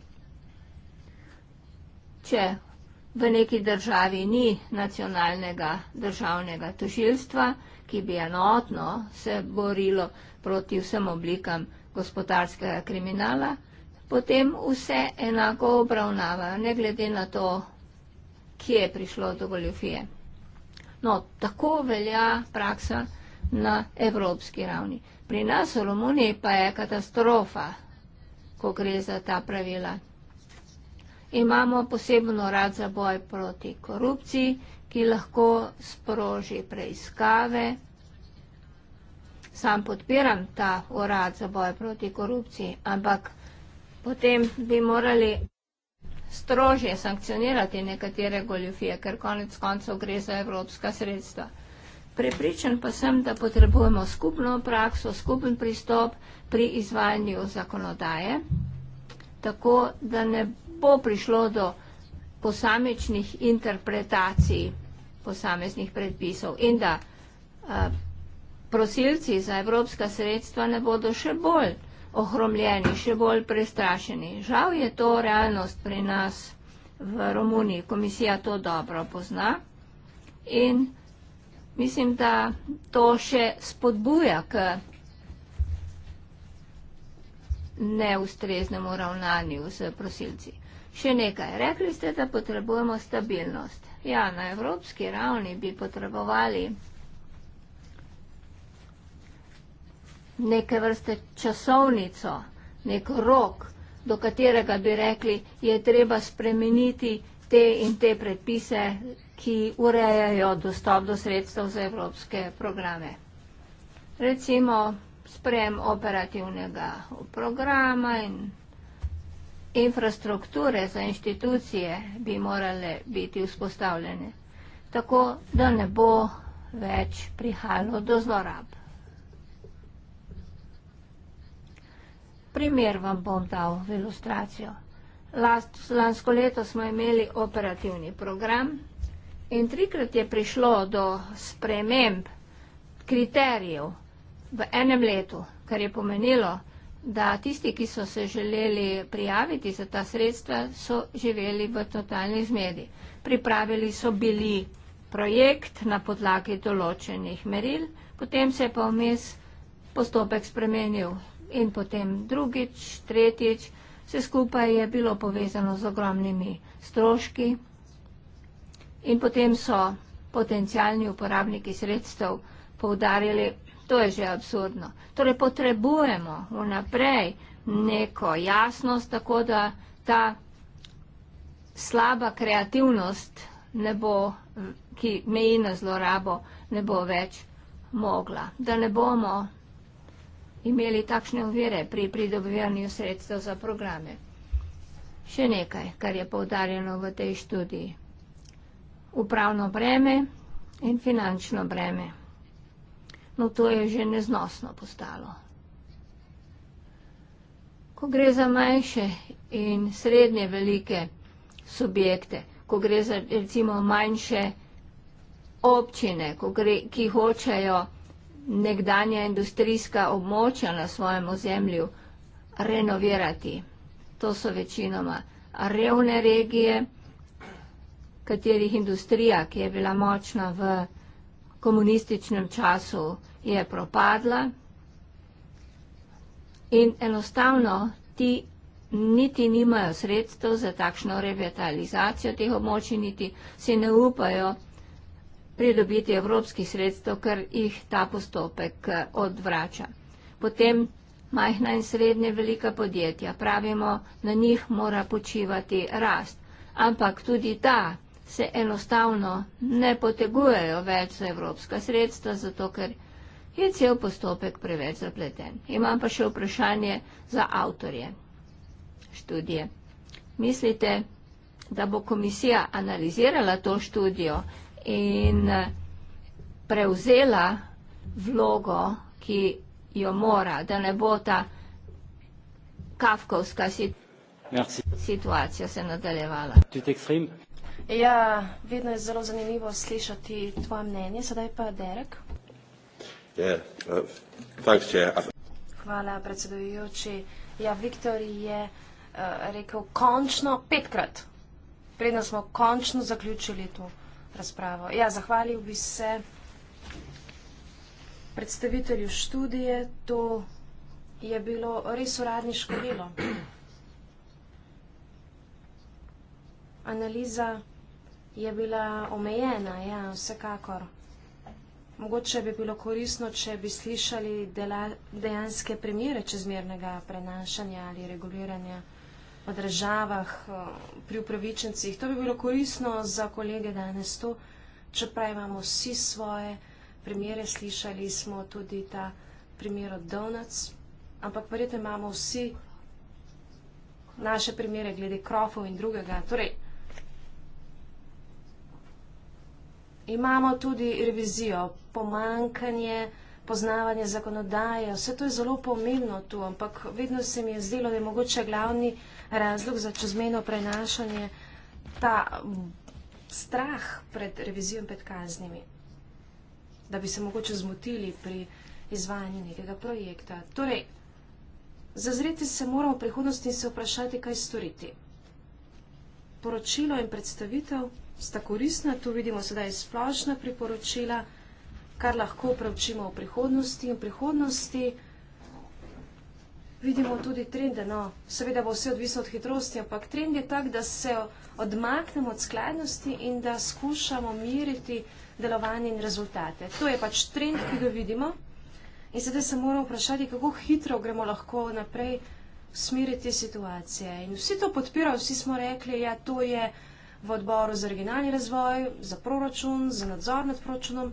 Če v neki državi ni nacionalnega državnega tožilstva, ki bi enotno se borilo proti vsem oblikam gospodarskega kriminala, potem vse enako obravnavajo, ne glede na to, kje je prišlo do goljofije. No, tako velja praksa na evropski ravni. Pri nas v Romuniji pa je katastrofa, ko gre za ta pravila. Imamo posebno rad za boj proti korupciji, ki lahko sproži preiskave. Sam podpiram ta urad za boj proti korupciji, ampak potem bi morali strožje sankcionirati nekatere goljofije, ker konec koncev gre za evropska sredstva. Prepričan pa sem, da potrebujemo skupno prakso, skupen pristop pri izvajanju zakonodaje, tako da ne bo prišlo do posamečnih interpretacij posameznih predpisov in da a, eh, prosilci za evropska sredstva ne bodo še bolj ohromljeni, še bolj prestrašeni. Žal je to realnost pri nas v Romuniji. Komisija to dobro pozna in mislim, da to še spodbuja k neustreznemu ravnanju s prosilci. Še nekaj. Rekli ste, da potrebujemo stabilnost. Ja, na evropski ravni bi potrebovali neke vrste časovnico, nek rok, do katerega bi rekli, je treba spremeniti te in te predpise, ki urejajo dostop do sredstev za evropske programe. Recimo sprem operativnega programa in infrastrukture za inštitucije bi morale biti vzpostavljene, tako da ne bo več prihajalo do zlorab. primer vam bom dal v ilustracijo. Last, lansko leto smo imeli operativni program in trikrat je prišlo do sprememb kriterijev v enem letu, kar je pomenilo, da tisti, ki so se želeli prijaviti za ta sredstva, so živeli v totalni zmedi. Pripravili so bili projekt na podlagi določenih meril, potem se je pa vmes postopek spremenil in potem drugič, tretjič, vse skupaj je bilo povezano z ogromnimi stroški in potem so potencijalni uporabniki sredstev poudarili, to je že absurdno. Torej potrebujemo vnaprej neko jasnost, tako da ta slaba kreativnost, ne bo, ki meji na zlorabo, ne bo več mogla. Da ne bomo imeli takšne ovire pri pridobivanju sredstev za programe. Še nekaj, kar je povdarjeno v tej študiji. Upravno breme in finančno breme. No to je že neznosno postalo. Ko gre za manjše in srednje velike subjekte, ko gre za recimo manjše občine, ki hočejo vsega, nekdanja industrijska območja na svojem ozemlju renovirati. To so večinoma revne regije, katerih industrija, ki je bila močna v komunističnem času, je propadla. In enostavno ti niti nimajo sredstev za takšno revitalizacijo teh območij, niti se ne upajo pridobiti evropskih sredstev, ker jih ta postopek eh, odvrača. Potem majhna in srednje velika podjetja, pravimo, na njih mora počivati rast, ampak tudi ta se enostavno ne potegujejo več za evropska sredstva, zato ker je cel postopek preveč zapleten. Imam pa še vprašanje za avtorje študije. Mislite, da bo komisija analizirala to študijo in prevzela vlogo, ki jo mora, da ne bo ta kafkovska Merci. situacija se nadaljevala. Ja, vedno je zelo zanimivo slišati tvoje mnenje, sedaj pa Derek. Yeah. Ja, uh, Hvala, predsedujoči. Ja, Viktor je uh, rekel končno petkrat. Predno smo končno zaključili to razpravo. Ja, zahvalil bi se predstavitelju študije. To je bilo res uradniško delo. Analiza je bila omejena, ja, vsekakor. Mogoče bi bilo korisno, če bi slišali dela, dejanske primere čezmernega prenašanja ali reguliranja o državah, pri upravičencih. To bi bilo korisno za kolege danes to, čeprav imamo vsi svoje primere, slišali smo tudi ta primer od Donac, ampak verjetno imamo vsi naše primere glede krofov in drugega. Torej, imamo tudi revizijo, pomankanje, poznavanje zakonodaje, vse to je zelo pomembno tu, ampak vedno se mi je zdelo, da je mogoče glavni razlog za čezmeno prenašanje ta strah pred revizijo in pred kaznimi, da bi se mogoče zmotili pri izvajanju nekega projekta. Torej, zazreti se moramo v prihodnosti in se vprašati, kaj storiti. Poročilo in predstavitev sta koristna, tu vidimo sedaj splošna priporočila, kar lahko preučimo v prihodnosti in v prihodnosti vidimo tudi trende. No, seveda bo vse odvisno od hitrosti, ampak trend je tak, da se odmaknemo od skladnosti in da skušamo miriti delovanje in rezultate. To je pač trend, ki ga vidimo. In zdaj se moramo vprašati, kako hitro gremo lahko naprej smiriti situacije. In vsi to podpirajo, vsi smo rekli, ja, to je v odboru za regionalni razvoj, za proračun, za nadzor nad proračunom.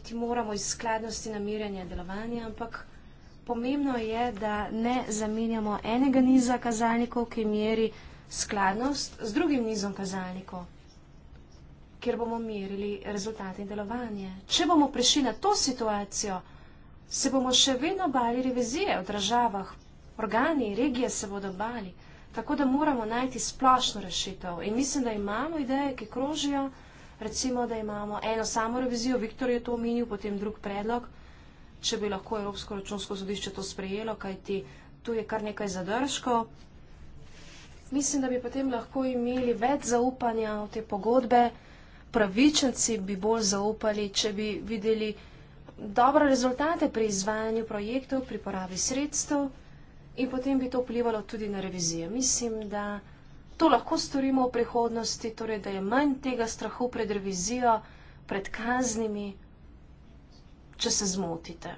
Iti moramo iz skladnosti namirjanja delovanja, ampak Pomembno je, da ne zamenjamo enega niza kazalnikov, ki meri skladnost z drugim nizom kazalnikov, kjer bomo merili rezultate in delovanje. Če bomo prišli na to situacijo, se bomo še vedno bali revizije v državah, organi, regije se bodo bali. Tako da moramo najti splošno rešitev. In mislim, da imamo ideje, ki krožijo. Recimo, da imamo eno samo revizijo, Viktor je to omenil, potem drug predlog če bi lahko Evropsko računsko sodišče to sprejelo, kajti tu je kar nekaj zadržkov. Mislim, da bi potem lahko imeli več zaupanja v te pogodbe, pravičenci bi bolj zaupali, če bi videli dobre rezultate pri izvajanju projektov, pri porabi sredstev in potem bi to vplivalo tudi na revizijo. Mislim, da to lahko storimo v prihodnosti, torej da je manj tega strahu pred revizijo, pred kaznimi če se zmotite.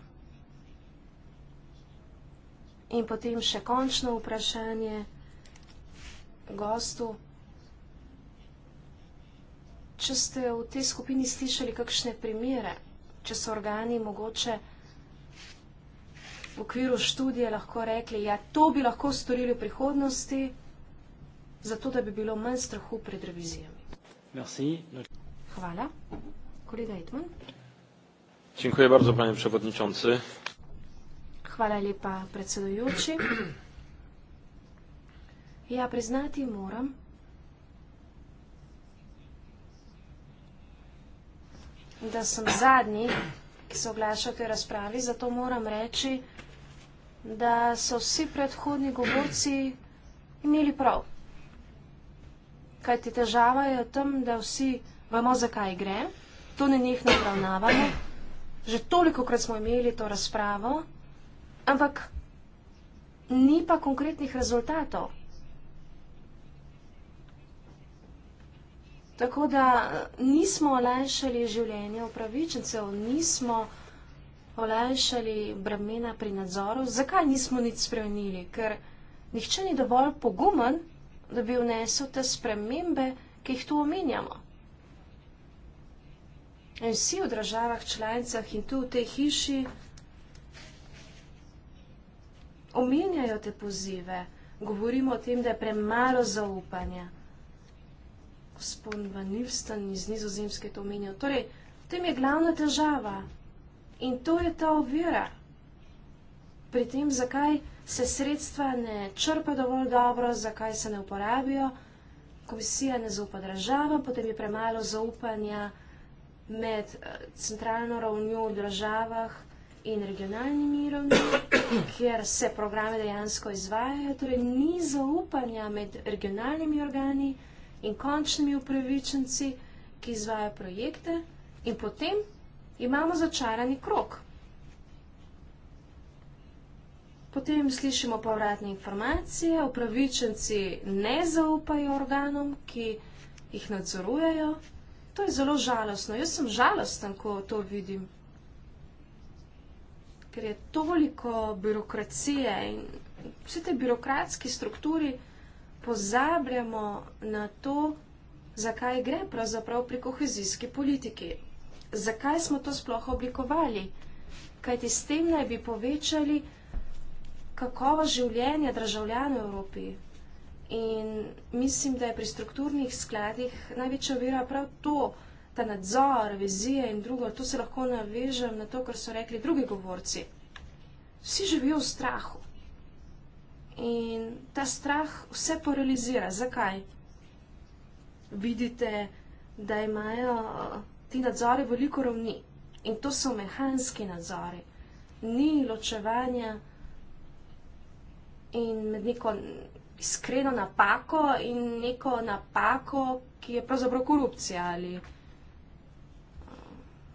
In potem še končno vprašanje gostu. Če ste v tej skupini slišali kakšne primere, če so organi mogoče v okviru študije lahko rekli, ja, to bi lahko storili v prihodnosti, zato da bi bilo manj strahu pred revizijami. Merci. Hvala. Kolega Edmund. Dziękuję bardzo, panie przewodniczący. Hvala lepa, predsedujoči. Ja, priznati moram, da sem zadnji, ki se oglaša v tej razpravi, zato moram reči, da so vsi predhodni govorci imeli prav. Kajti težava je v tem, da vsi vemo, zakaj gre, to ne njih ne obravnavamo že toliko krat smo imeli to razpravo, ampak ni pa konkretnih rezultatov. Tako da eh, nismo olajšali življenja upravičencev, nismo olajšali bremena pri nadzoru. Zakaj nismo nič spremenili? Ker nihče ni dovolj pogumen, da bi vnesel te spremembe, ki jih tu omenjamo. In vsi v državah, članicah in tu v tej hiši omenjajo te pozive, govorimo o tem, da je premalo zaupanja. Gospod Van Nilsten iz Nizozemske je to omenjal. Torej, v tem je glavna težava in to je ta ovira. Pri tem, zakaj se sredstva ne črpa dovolj dobro, zakaj se ne uporabijo, komisija ne zaupa državam, potem je premalo zaupanja med eh, centralno ravnjo v državah in regionalnimi ravni, (coughs) kjer se programe dejansko izvajajo, torej ni zaupanja med regionalnimi organi in končnimi upravičenci, ki izvajajo projekte in potem imamo začarani krok. Potem slišimo povratne informacije, upravičenci ne zaupajo organom, ki jih nadzorujejo, To je zelo žalostno. Jaz sem žalosten, ko to vidim. Ker je toliko birokracije in vse te birokratske strukturi pozabljamo na to, zakaj gre pravzaprav pri kohezijski politiki. Zakaj smo to sploh oblikovali? Kajti s tem naj bi povečali kakovo življenje državljanov v Evropi. In mislim, da je pri strukturnih skladih največja vira prav to, ta nadzor, vizija in drugo. To se lahko navežem na to, kar so rekli drugi govorci. Vsi živijo v strahu. In ta strah vse paralizira. Zakaj? Vidite, da imajo eh, ti nadzori veliko ravni. In to so mehanski nadzori. Ni ločevanja in med neko iskreno napako in neko napako, ki je pravzaprav korupcija ali eh,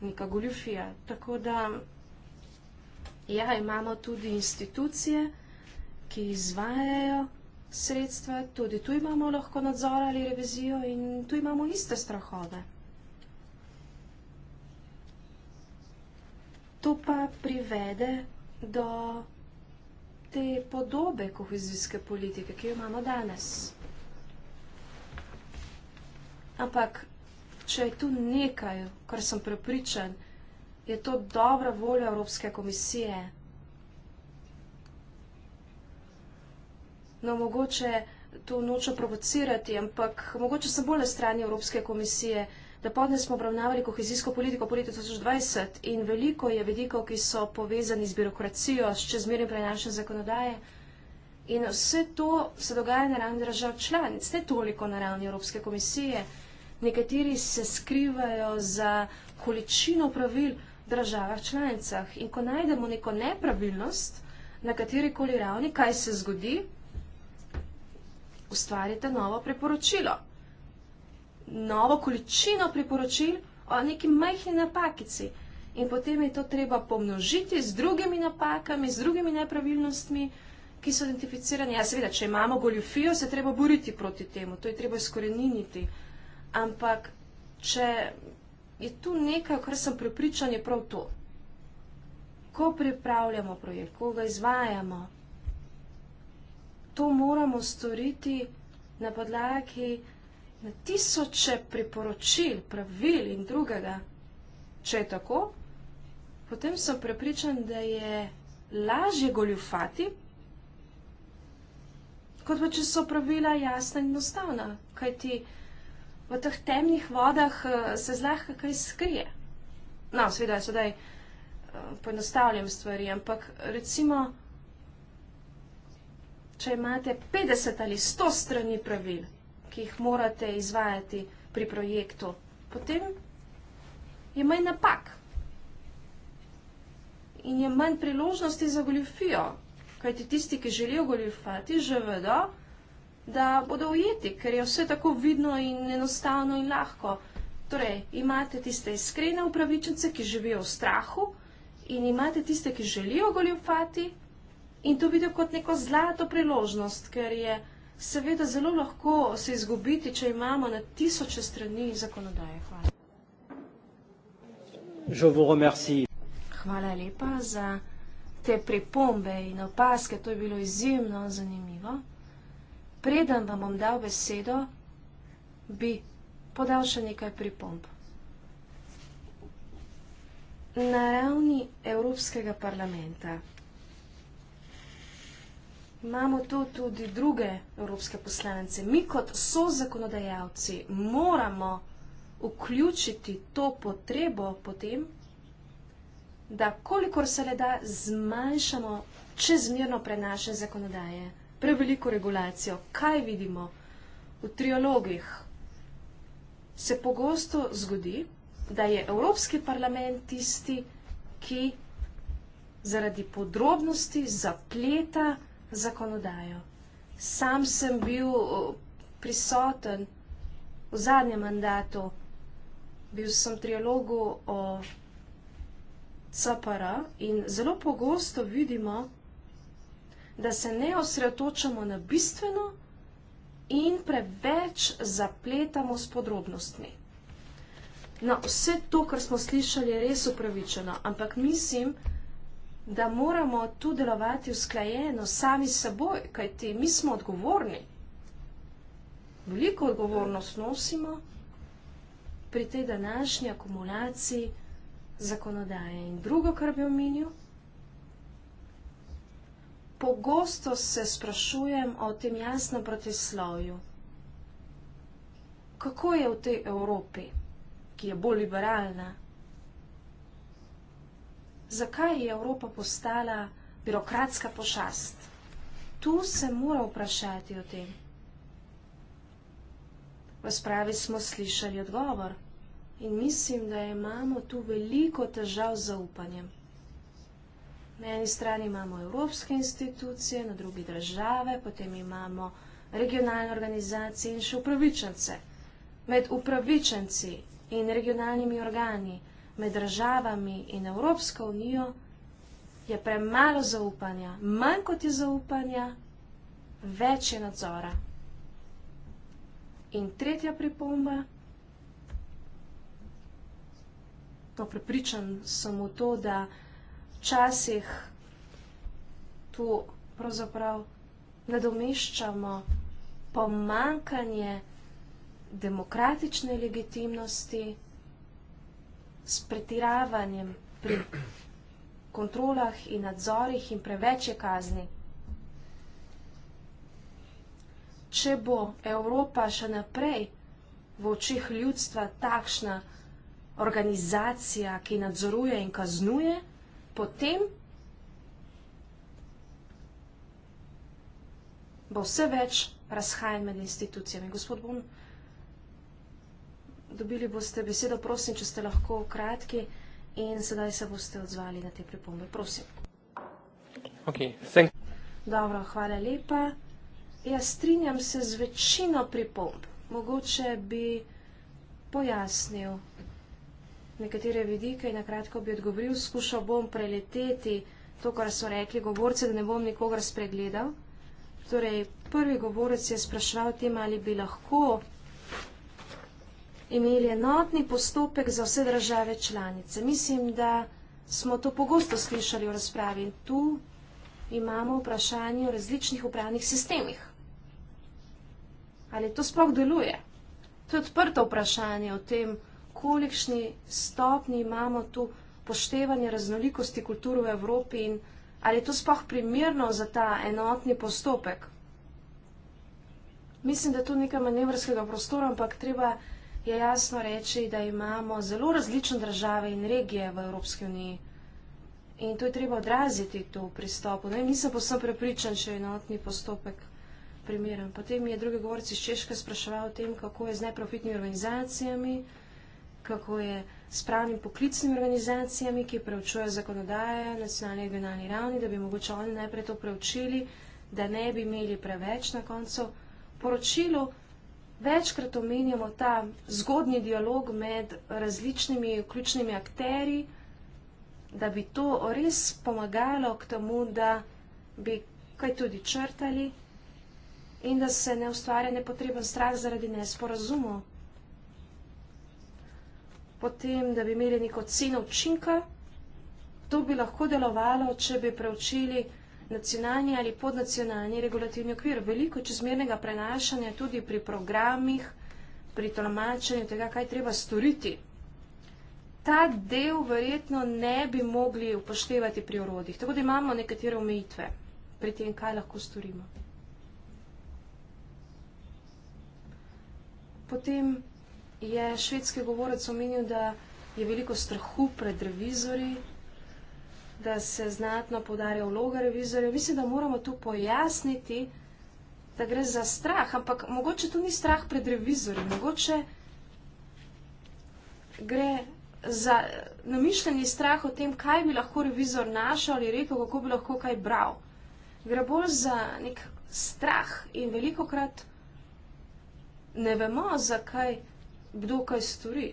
neka goljufija. Tako da, ja, imamo tudi institucije, ki izvajajo sredstva, tudi tu imamo lahko nadzor ali revizijo in tu imamo iste strahove. To pa privede do te podobe kohezijske politike, ki jo imamo danes. Ampak, če je tu nekaj, kar sem prepričan, je to dobra volja Evropske komisije. No, mogoče to nočem provocirati, ampak mogoče sem bolj na strani Evropske komisije da danes smo obravnavali kohezijsko politiko po letu 2020 in veliko je vedikov, ki so povezani z birokracijo, s čezmerjem prenašanjem zakonodaje. In vse to se dogaja na ravni držav članic, ne toliko na ravni Evropske komisije. Nekateri se skrivajo za količino pravil v državah članicah. In ko najdemo neko nepravilnost na kateri koli ravni, kaj se zgodi, ustvarite novo preporočilo novo količino priporočil o neki majhni napakici. In potem je to treba pomnožiti z drugimi napakami, z drugimi nepravilnostmi, ki so identificirane. Ja, seveda, če imamo goljufijo, se treba boriti proti temu, to je treba izkoreniniti. Ampak, če je tu nekaj, kar sem prepričan, je prav to. Ko pripravljamo projekt, ko ga izvajamo, to moramo storiti na podlagi na tisoče priporočil, pravil in drugega. Če je tako, potem sem prepričan, da je lažje goljufati, kot pa če so pravila jasna in enostavna, kajti v teh temnih vodah eh, se zlahka kaj skrije. No, seveda, sedaj eh, poenostavljam stvari, ampak recimo, če imate 50 ali 100 strani pravil, ki jih morate izvajati pri projektu, potem je manj napak in je manj priložnosti za goljofijo, kajti tisti, ki želijo goljofati, že vedo, da bodo ujeti, ker je vse tako vidno in enostavno in lahko. Torej, imate tiste iskrene upravičence, ki živijo v strahu in imate tiste, ki želijo goljofati in to vidijo kot neko zlato priložnost, ker je vse, seveda zelo lahko se izgubiti, če imamo na tisoče strani zakonodaje. Hvala. Hvala lepa za te pripombe in opaske, to je bilo izjemno zanimivo. Preden vam bom dal besedo, bi podal še nekaj pripomb. Na ravni Evropskega parlamenta Imamo tu tudi druge evropske poslance. Mi kot so zakonodajalci moramo vključiti to potrebo potem, da kolikor se le da zmanjšamo čezmirno prenašanje zakonodaje, preveliko regulacijo. Kaj vidimo v triologih? Se pogosto zgodi, da je Evropski parlament tisti, ki zaradi podrobnosti, zapleta, zakonodajo. Sam sem bil prisoten v zadnjem mandatu, bil sem trialogu o CPR in zelo pogosto vidimo, da se ne osredotočamo na bistveno in preveč zapletamo s podrobnostmi. Na vse to, kar smo slišali, je res upravičeno, ampak mislim, da da moramo tu delovati usklajeno sami s seboj, kajti mi smo odgovorni. Veliko odgovornost nosimo pri tej današnji akumulaciji zakonodaje. In drugo, kar bi omenil, pogosto se sprašujem o tem jasnem protisloju. Kako je v tej Evropi, ki je bolj liberalna? zakaj je Evropa postala birokratska pošast. Tu se mora vprašati o tem. V spravi smo slišali odgovor in mislim, da imamo tu veliko težav z zaupanjem. Na eni strani imamo evropske institucije, na drugi države, potem imamo regionalne organizacije in še upravičence. Med upravičenci in regionalnimi organi med državami in Evropsko unijo je premalo zaupanja. Manj kot je zaupanja, več je nadzora. In tretja pripomba, to no, prepričam samo to, da včasih tu pravzaprav nadomeščamo pomankanje demokratične legitimnosti s pretiravanjem pri kontrolah in nadzorih in preveč je kazni. Če bo Evropa še naprej v očih ljudstva takšna organizacija, ki nadzoruje in kaznuje, potem bo vse več razhajanj med institucijami. Gospod Bon, dobili boste besedo, prosim, če ste lahko kratki in sedaj se boste odzvali na te pripombe. Prosim. Okay, Dobro, hvala lepa. Jaz strinjam se z večino pripomb. Mogoče bi pojasnil nekatere vidike in nakratko bi odgovoril, skušal bom preleteti to, kar so rekli govorci, da ne bom nikogar spregledal. Torej, prvi govorec je spraševal tem, ali bi lahko imeli enotni postopek za vse države članice. Mislim, da smo to pogosto slišali v razpravi in tu imamo vprašanje o različnih upravnih sistemih. Ali to sploh deluje? To je odprto vprašanje o tem, kolikšni stopni imamo tu poštevanje raznolikosti kultur v Evropi in ali je to sploh primerno za ta enotni postopek. Mislim, da je to nekaj manevrskega prostora, ampak treba je jasno reči, da imamo zelo različne države in regije v Evropski uniji. In to je treba odraziti v pristopu. Ne, nisem posem prepričan, če je enotni postopek primeren. Potem je drugi govorec iz Češke spraševal o tem, kako je z neprofitnimi organizacijami, kako je s pravnim poklicnimi organizacijami, ki preučujejo zakonodaje na nacionalni in regionalni ravni, da bi mogoče oni najprej to preučili, da ne bi imeli preveč na koncu poročilo večkrat omenjamo ta zgodnji dialog med različnimi ključnimi akteri, da bi to res pomagalo k temu, da bi kaj tudi črtali in da se ne ustvarja nepotreben strah zaradi nesporazumov. Potem, da bi imeli neko ceno učinka, to bi lahko delovalo, če bi preučili nacionalni ali podnacionalni regulativni okvir. Veliko čezmernega prenašanja tudi pri programih, pri tolmačenju tega, kaj treba storiti. Ta del verjetno ne bi mogli upoštevati pri orodjih. Tako da imamo nekatere omejitve pri tem, kaj lahko storimo. Potem je švedski govorec omenil, da je veliko strahu pred revizori, da se znatno podarja vloga revizorja. Mislim, da moramo tu pojasniti, da gre za strah, ampak mogoče to ni strah pred revizorjem, mogoče gre za eh, namišljeni strah o tem, kaj bi lahko revizor našel ali rekel, kako bi lahko kaj bral. Gre bolj za nek strah in veliko krat ne vemo, zakaj kdo kaj stori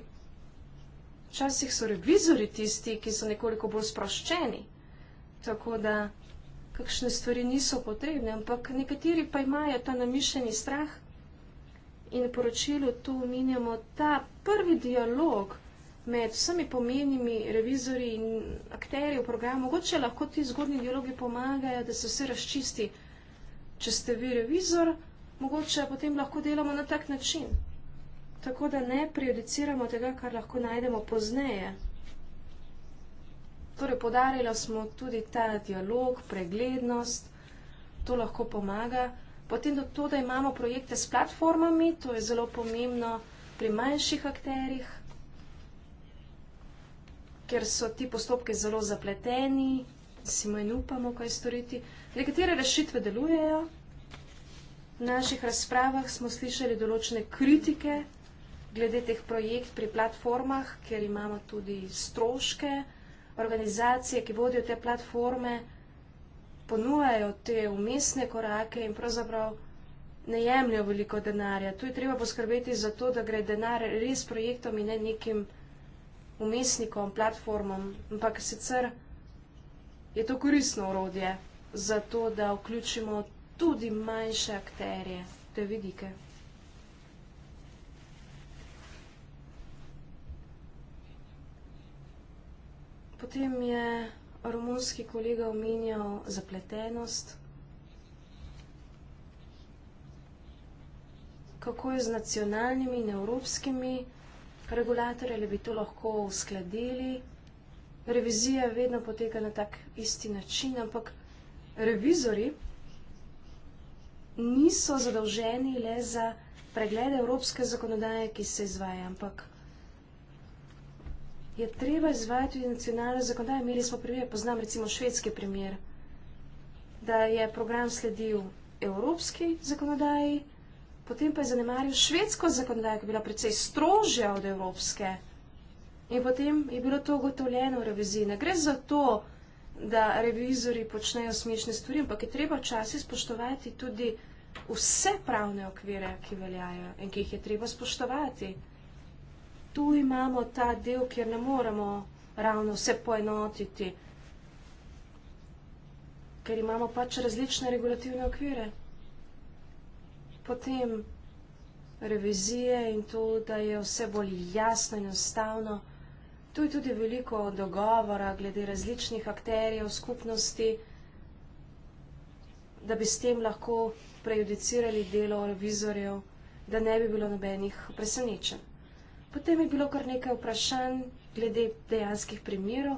včasih so revizori tisti, ki so nekoliko bolj sproščeni. Tako da kakšne stvari niso potrebne, ampak nekateri pa imajo ta namišljeni strah in poročilo tu minjamo ta prvi dialog med vsemi pomenimi revizori in akterji v programu. Mogoče lahko ti zgodni dialogi pomagajo, da se vse razčisti. Če ste vi revizor, mogoče potem lahko delamo na tak način tako da ne prejudiciramo tega, kar lahko najdemo pozneje. Torej, podarila smo tudi ta dialog, preglednost, to lahko pomaga. Potem do to, da imamo projekte s platformami, to je zelo pomembno pri manjših akterjih, ker so ti postopki zelo zapleteni, si mu in upamo kaj storiti. Nekatere rešitve delujejo. V naših razpravah smo slišali določene kritike, glede teh projekt pri platformah, ker imamo tudi stroške, organizacije, ki vodijo te platforme, ponujajo te umestne korake in pravzaprav ne jemljajo veliko denarja. Tu je treba poskrbeti za to, da gre denar res projektom in ne nekim umestnikom, platformom, ampak sicer je to koristno urodje za to, da vključimo tudi manjše akterje, te vidike. Potem je romunski kolega omenjal zapletenost. Kako je z nacionalnimi in evropskimi regulatorji, ali bi to lahko uskladili? Revizija vedno poteka na tak isti način, ampak revizori niso zadolženi le za preglede evropske zakonodaje, ki se izvaja, ampak je treba izvajati tudi nacionalno zakonodajo. Imeli smo primer, poznam recimo švedski primer, da je program sledil evropski zakonodaji, potem pa je zanemaril švedsko zakonodajo, ki je bila precej strožja od evropske. In potem je bilo to ugotovljeno v reviziji. Ne gre za to, da revizori počnejo smešne stvari, ampak je treba včasih spoštovati tudi vse pravne okvire, ki veljajo in ki jih je treba spoštovati tu imamo ta del, kjer ne moremo ravno vse poenotiti, ker imamo pač različne regulativne okvire. Potem revizije in to, da je vse bolj jasno in enostavno. Tu je tudi veliko dogovora glede različnih akterjev skupnosti, da bi s tem lahko prejudicirali delo revizorjev, da ne bi bilo nobenih presenečenj. Potem je bilo kar nekaj vprašanj glede dejanskih primerov.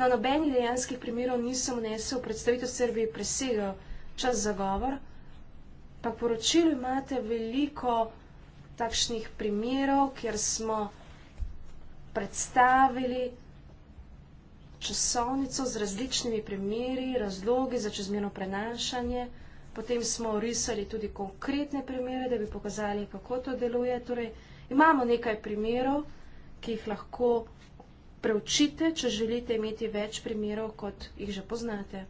Na nobeni dejanskih primerov nisem vnesel predstavitev Srbiji presegel čas za govor, pa poročilu imate veliko takšnih primerov, kjer smo predstavili časovnico z različnimi primeri, razlogi za čezmerno prenašanje, potem smo risali tudi konkretne primere, da bi pokazali, kako to deluje. Torej, Imamo nekaj primerov, ki jih lahko preučite, če želite imeti več primerov, kot jih že poznate.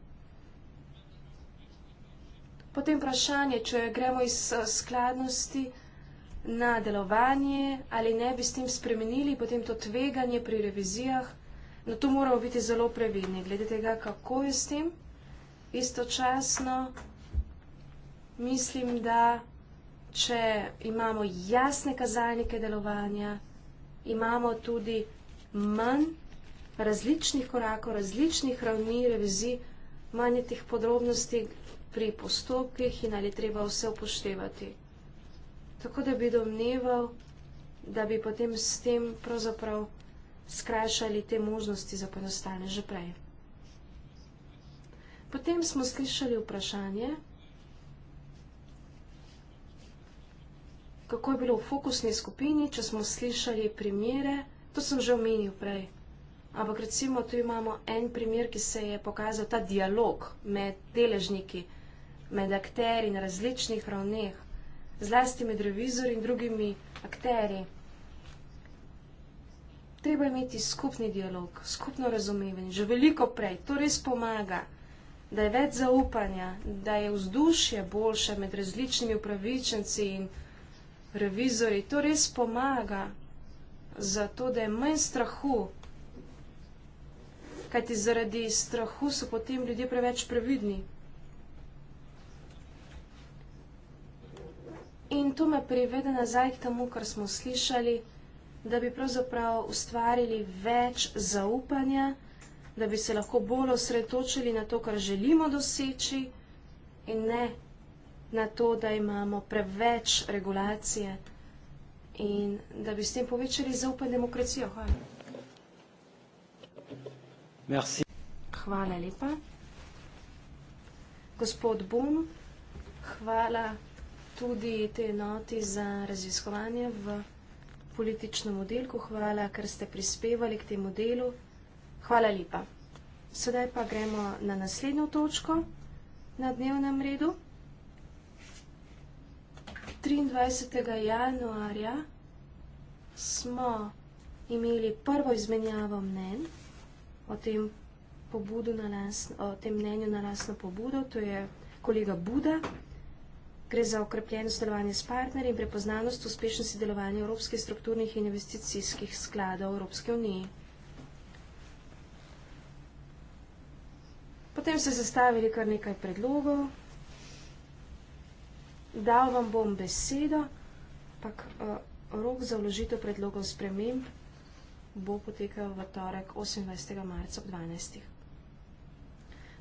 Potem vprašanje, če gremo iz eh, skladnosti na delovanje ali ne bi s tem spremenili, potem to tveganje pri revizijah, no tu moramo biti zelo previdni, glede tega, kako je s tem. Istočasno mislim, da če imamo jasne kazalnike delovanja, imamo tudi manj različnih korakov, različnih ravni revizij, manj teh podrobnosti pri postopkih in ali treba vse upoštevati. Tako da bi domneval, da bi potem s tem pravzaprav skrajšali te možnosti za poenostavljanje že prej. Potem smo slišali vprašanje. kako je bilo v fokusni skupini, če smo slišali primere, to sem že omenil prej. Ampak recimo tu imamo en primer, ki se je pokazal ta dialog med deležniki, med akteri na različnih ravneh, zlasti med revizori in drugimi akteri. Treba imeti skupni dialog, skupno razumevanje, že veliko prej. To res pomaga, da je več zaupanja, da je vzdušje boljše med različnimi upravičenci in upravičenci revizorji, to res pomaga, zato da je manj strahu. Kajti zaradi strahu so potem ljudje preveč previdni. In to me privede nazaj k temu, kar smo slišali, da bi pravzaprav ustvarili več zaupanja, da bi se lahko bolj osredotočili na to, kar želimo doseči in ne na to, da imamo preveč regulacije in da bi s tem povečali zaupanje demokracijo. Hvala. Merci. Hvala lepa. Gospod Bum, hvala tudi te noti za raziskovanje v političnem modelku. Hvala, ker ste prispevali k temu delu. Hvala lepa. Sedaj pa gremo na naslednjo točko na dnevnem redu. 23. januarja smo imeli prvo izmenjavo mnen o tem, na lasno, o tem mnenju na lasno pobudo. To je kolega Buda. Gre za okrepljeno sodelovanje s partnerji in prepoznanost uspešnosti delovanja evropskih strukturnih in investicijskih skladov Evropske unije. Potem se je sestavili kar nekaj predlogov, dal vam bom besedo, ampak eh, rok za vložitev predlogov sprememb bo potekal v torek 28. marca ob 12.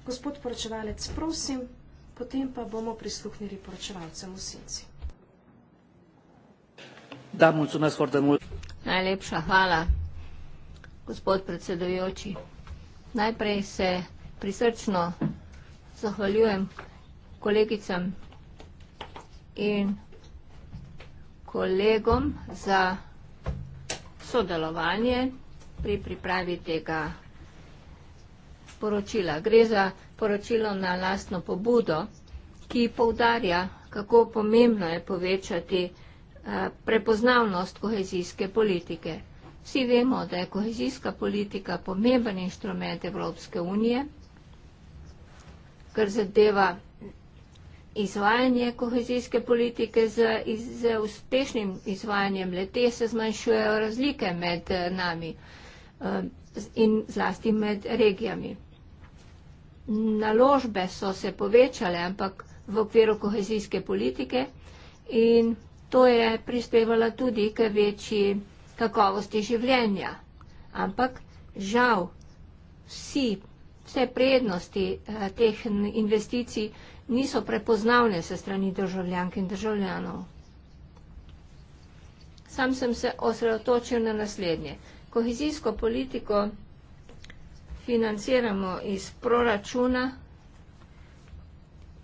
Gospod poročevalec, prosim, potem pa bomo prisluhnili poročevalcem v senci. Najlepša hvala, gospod predsedujoči. Najprej se prisrčno zahvaljujem kolegicam in kolegom za sodelovanje pri pripravi tega poročila. Gre za poročilo na lastno pobudo, ki poudarja, kako pomembno je povečati eh, prepoznavnost kohezijske politike. Vsi vemo, da je kohezijska politika pomemben inštrument Evropske unije, ker zadeva izvajanje kohezijske politike z, iz, z uspešnim izvajanjem lete, se zmanjšujejo razlike med eh, nami eh, in zlasti med regijami. Naložbe so se povečale, ampak v okviru kohezijske politike in to je prispevalo tudi k večji kakovosti življenja. Ampak žal vsi, vse prednosti eh, teh investicij niso prepoznavne se strani državljank in državljanov. Sam sem se osredotočil na naslednje. Kohezijsko politiko financiramo iz proračuna,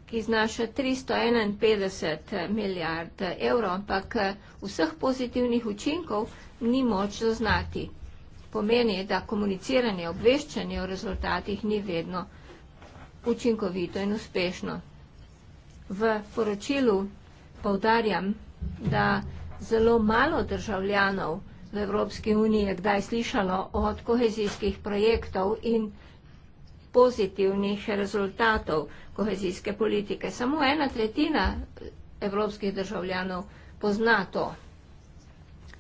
ki znaša 351 milijard evrov, ampak vseh pozitivnih učinkov ni moč zaznati. Pomeni, da komuniciranje, obveščanje o rezultatih ni vedno učinkovito in uspešno v poročilu povdarjam, da zelo malo državljanov v Evropski uniji je kdaj slišalo od kohezijskih projektov in pozitivnih rezultatov kohezijske politike. Samo ena tretjina evropskih državljanov pozna to.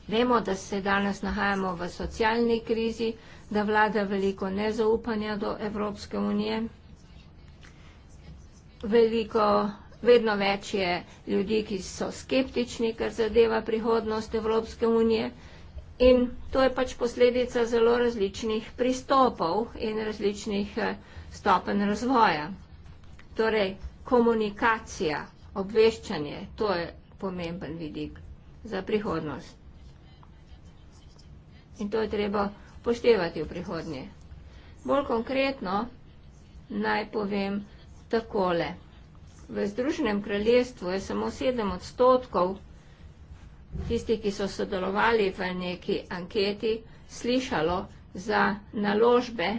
Vemo, da se danes nahajamo v socialni krizi, da vlada veliko nezaupanja do Evropske unije, veliko vedno več je ljudi, ki so skeptični, kar zadeva prihodnost Evropske unije. In to je pač posledica zelo različnih pristopov in različnih eh, stopen razvoja. Torej, komunikacija, obveščanje, to je pomemben vidik za prihodnost. In to je treba poštevati v prihodnje. Bolj konkretno naj povem takole v Združenem kraljestvu je samo sedem odstotkov tistih, ki so sodelovali v neki anketi, slišalo za naložbe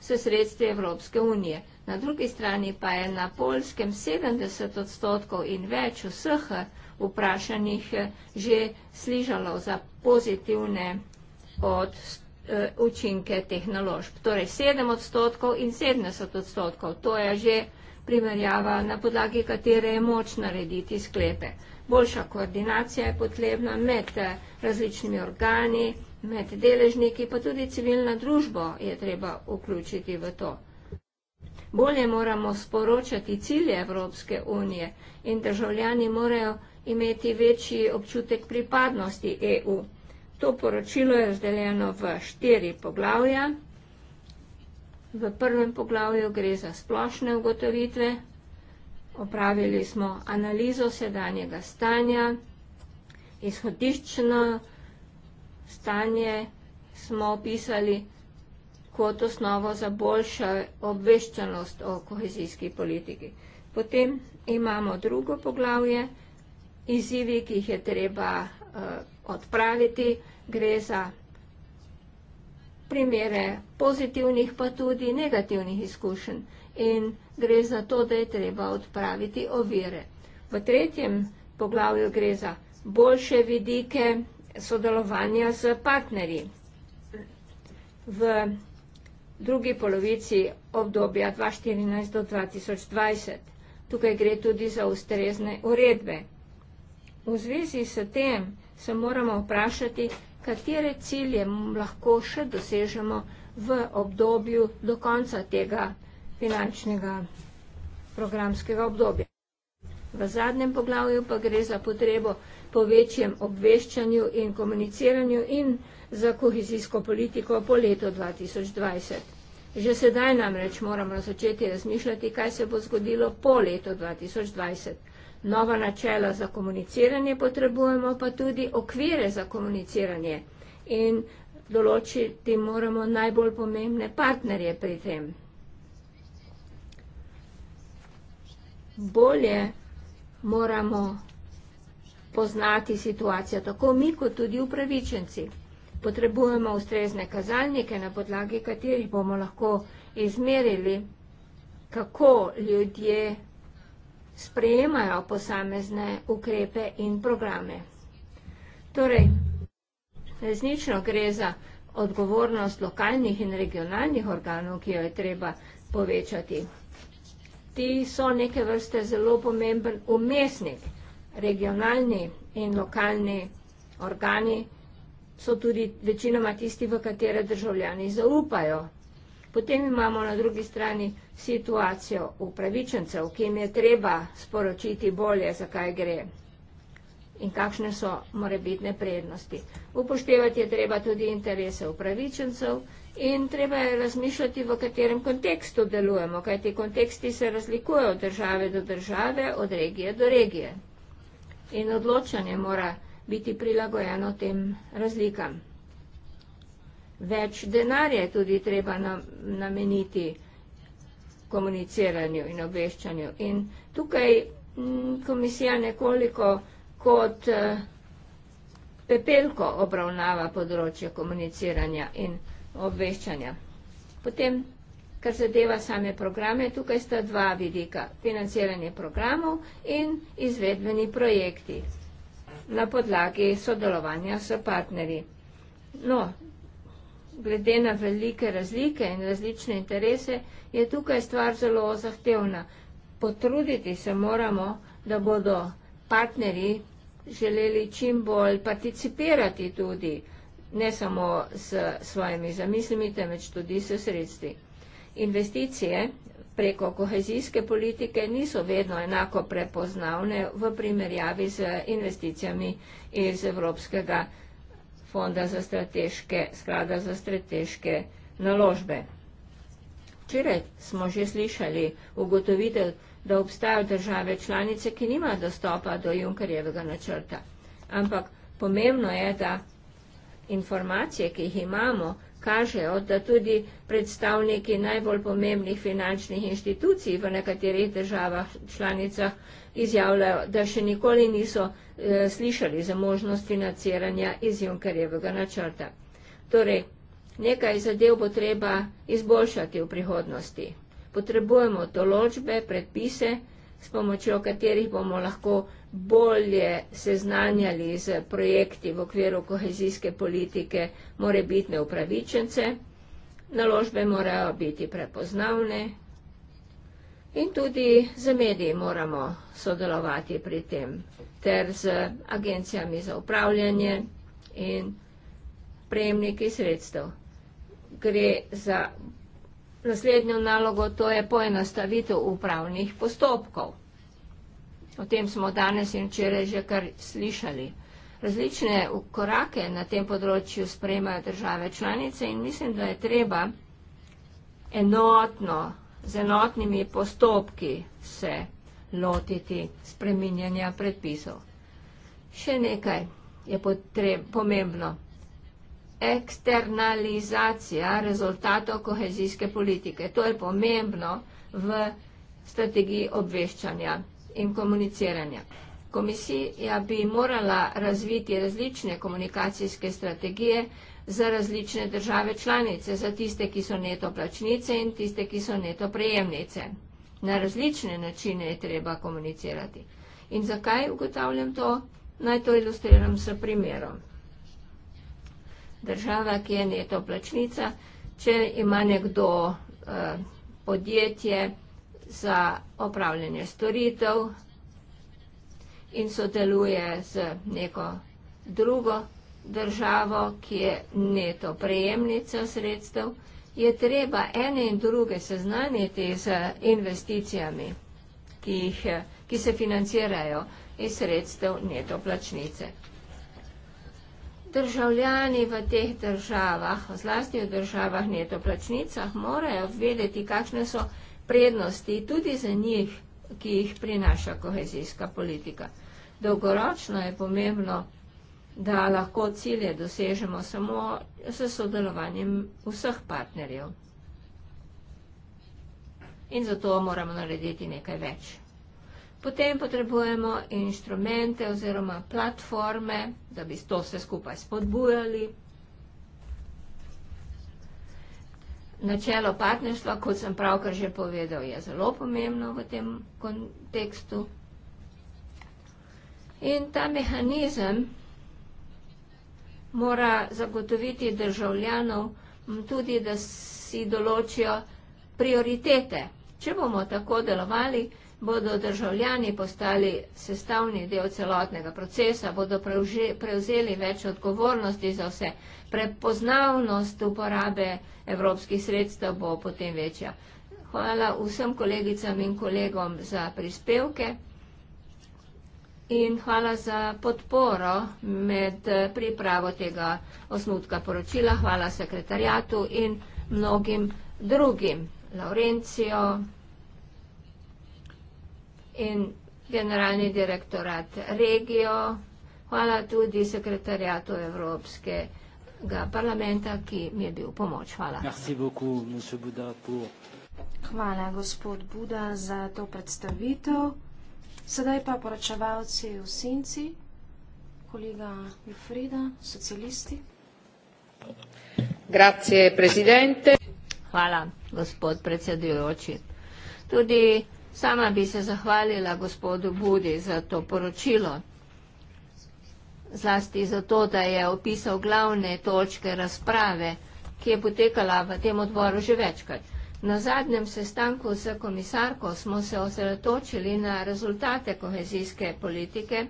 s sredstvi Evropske unije. Na drugi strani pa je na polskem 70 odstotkov in več vseh vprašanjih že slišalo za pozitivne odstotke eh, učinke teh naložb. Torej 7 odstotkov in 70 odstotkov. To je že primerjava, na podlagi katere je moč narediti sklepe. Boljša koordinacija je potrebna med eh, različnimi organi, med deležniki, pa tudi civilna družbo je treba vključiti v to. Bolje moramo sporočati cilje Evropske unije in državljani morajo imeti večji občutek pripadnosti EU. To poročilo je razdeljeno v štiri poglavja. V prvem poglavju gre za splošne ugotovitve. Opravili smo analizo sedanjega stanja. Izhodiščno stanje smo opisali kot osnovo za boljšo obveščanost o kohezijski politiki. Potem imamo drugo poglavje, izzivi, ki jih je treba uh, odpraviti, gre za primere pozitivnih, pa tudi negativnih izkušenj in gre za to, da je treba odpraviti ovire. V tretjem poglavju gre za boljše vidike sodelovanja z partnerji. V drugi polovici obdobja 2014 do 2020. Tukaj gre tudi za ustrezne uredbe. V zvezi s tem se moramo vprašati, katere cilje lahko še dosežemo v obdobju do konca tega finančnega programskega obdobja. V zadnjem poglavju pa gre za potrebo po večjem obveščanju in komuniciranju in za kohezijsko politiko po letu 2020. Že sedaj namreč moramo začeti razmišljati, kaj se bo zgodilo po letu 2020 nova načela za komuniciranje, potrebujemo pa tudi okvire za komuniciranje in določiti moramo najbolj pomembne partnerje pri tem. Bolje moramo poznati situacijo, tako mi kot tudi upravičenci. Potrebujemo ustrezne kazalnike, na podlagi katerih bomo lahko izmerili, kako ljudje sprejemajo posamezne ukrepe in programe. Torej, resnično gre za odgovornost lokalnih in regionalnih organov, ki jo je treba povečati. Ti so neke vrste zelo pomemben umestnik. Regionalni in lokalni organi so tudi večinoma tisti, v katere državljani zaupajo Potem imamo na drugi strani situacijo upravičencev, ki jim je treba sporočiti bolje, zakaj gre in kakšne so morebitne prednosti. Upoštevati je treba tudi interese upravičencev in treba je razmišljati, v katerem kontekstu delujemo, kajti konteksti se razlikujejo od države do države, od regije do regije. In odločanje mora biti prilagojeno tem razlikam več denarja je tudi treba nameniti komuniciranju in obveščanju. In tukaj mm, komisija nekoliko kot eh, pepelko obravnava področje komuniciranja in obveščanja. Potem, kar zadeva same programe, tukaj sta dva vidika, financiranje programov in izvedbeni projekti na podlagi sodelovanja s partnerji. No, glede na velike razlike in različne interese, je tukaj stvar zelo zahtevna. Potruditi se moramo, da bodo partnerji želeli čim bolj participirati tudi, ne samo s svojimi zamislimi, temveč tudi s sredstvi. Investicije preko kohezijske politike niso vedno enako prepoznavne v primerjavi z investicijami iz Evropskega sredstva fonda za strateške, sklada za strateške naložbe. Včeraj smo že slišali ugotovitev, da obstajajo države članice, ki nima dostopa do Junkerjevega načrta. Ampak pomembno je, da informacije, ki jih imamo, kažejo, da tudi predstavniki najbolj pomembnih finančnih inštitucij v nekaterih državah članicah izjavljajo, da še nikoli niso eh, slišali za možnost financiranja iz Junkerjevega načrta. Torej, nekaj zadev bo treba izboljšati v prihodnosti. Potrebujemo določbe, predpise, s pomočjo katerih bomo lahko bolje seznanjali z projekti v okviru kohezijske politike morebitne upravičence. Naložbe morajo biti prepoznavne, In tudi z mediji moramo sodelovati pri tem, ter z agencijami za upravljanje in prejemniki sredstev. Gre za naslednjo nalogo, to je poenostavitev upravnih postopkov. O tem smo danes in včeraj že kar slišali. Različne korake na tem področju sprejemajo države članice in mislim, da je treba enotno z enotnimi postopki se lotiti spreminjanja predpisov. Še nekaj je potreb, pomembno. Externalizacija rezultatov kohezijske politike. To je pomembno v strategiji obveščanja in komuniciranja. Komisija bi morala razviti različne komunikacijske strategije, za različne države članice, za tiste, ki so neto plačnice in tiste, ki so neto prejemnice. Na različne načine je treba komunicirati. In zakaj ugotavljam to? Naj to ilustriram s primerom. Država, ki je neto plačnica, če ima nekdo eh, podjetje za opravljanje storitev in sodeluje z neko drugo državo, ki je neto prejemnica sredstev, je treba ene in druge seznaniti z investicijami, ki, jih, ki se financirajo iz sredstev neto plačnice. Državljani v teh državah, zlasti v državah neto plačnicah, morajo vedeti, kakšne so prednosti tudi za njih, ki jih prinaša kohezijska politika. Dolgoročno je pomembno, da lahko cilje dosežemo samo s sodelovanjem vseh partnerjev. In zato moramo narediti nekaj več. Potem potrebujemo inštrumente oziroma platforme, da bi to vse skupaj spodbujali. Načelo partnerstva, kot sem pravkar že povedal, je zelo pomembno v tem kontekstu. In ta mehanizem, ki je zelo pomembno, mora zagotoviti državljanov tudi, da si določijo prioritete. Če bomo tako delovali, bodo državljani postali sestavni del celotnega procesa, bodo prevzeli več odgovornosti za vse. Prepoznavnost uporabe evropskih sredstev bo potem večja. Hvala vsem kolegicam in kolegom za prispevke in hvala za podporo med eh, pripravo tega osnutka poročila. Hvala sekretarjatu in mnogim drugim, Laurencijo in generalni direktorat regijo. Hvala tudi sekretarjatu Evropske parlamenta, ki mi je bil pomoč. Hvala. Hvala, gospod Buda, za to predstavitev. Sedaj pa poročevalci v Sinci, kolega Jufrida, socialisti. Grazie, prezidente. Hvala, gospod predsedujoči. Tudi sama bi se zahvalila gospodu Budi za to poročilo, zlasti za to, da je opisal glavne točke razprave, ki je potekala v tem odboru že večkrat. Na zadnjem sestanku z komisarko smo se osredotočili na rezultate kohezijske politike.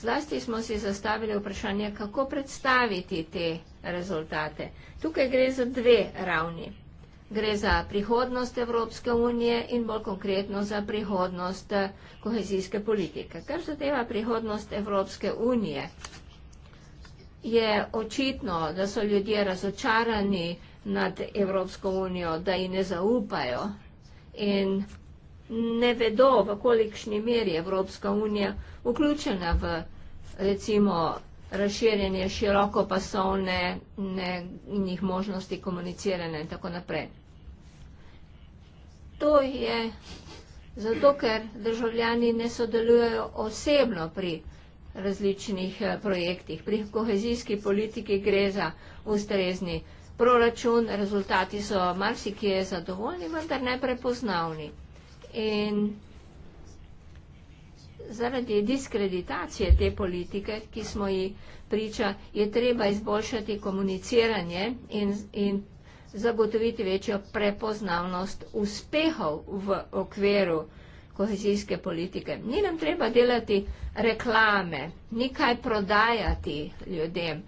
Zlasti smo si zastavili vprašanje, kako predstaviti te rezultate. Tukaj gre za dve ravni. Gre za prihodnost Evropske unije in bolj konkretno za prihodnost eh, kohezijske politike. Kar zadeva prihodnost Evropske unije, je očitno, da so ljudje razočarani, nad Evropsko unijo, da ji ne zaupajo in ne vedo, v kolikšni meri Evropska unija vključena v recimo razširjenje širokopasovne in njih možnosti komuniciranja in tako naprej. To je zato, ker državljani ne sodelujejo osebno pri različnih eh, projektih. Pri kohezijski politiki gre za ustrezni projekti proračun, rezultati so marsikje zadovoljni, vendar ne prepoznavni. In zaradi diskreditacije te politike, ki smo ji priča, je treba izboljšati komuniciranje in, in zagotoviti večjo prepoznavnost uspehov v okviru kohezijske politike. Ni nam treba delati reklame, ni kaj prodajati ljudem,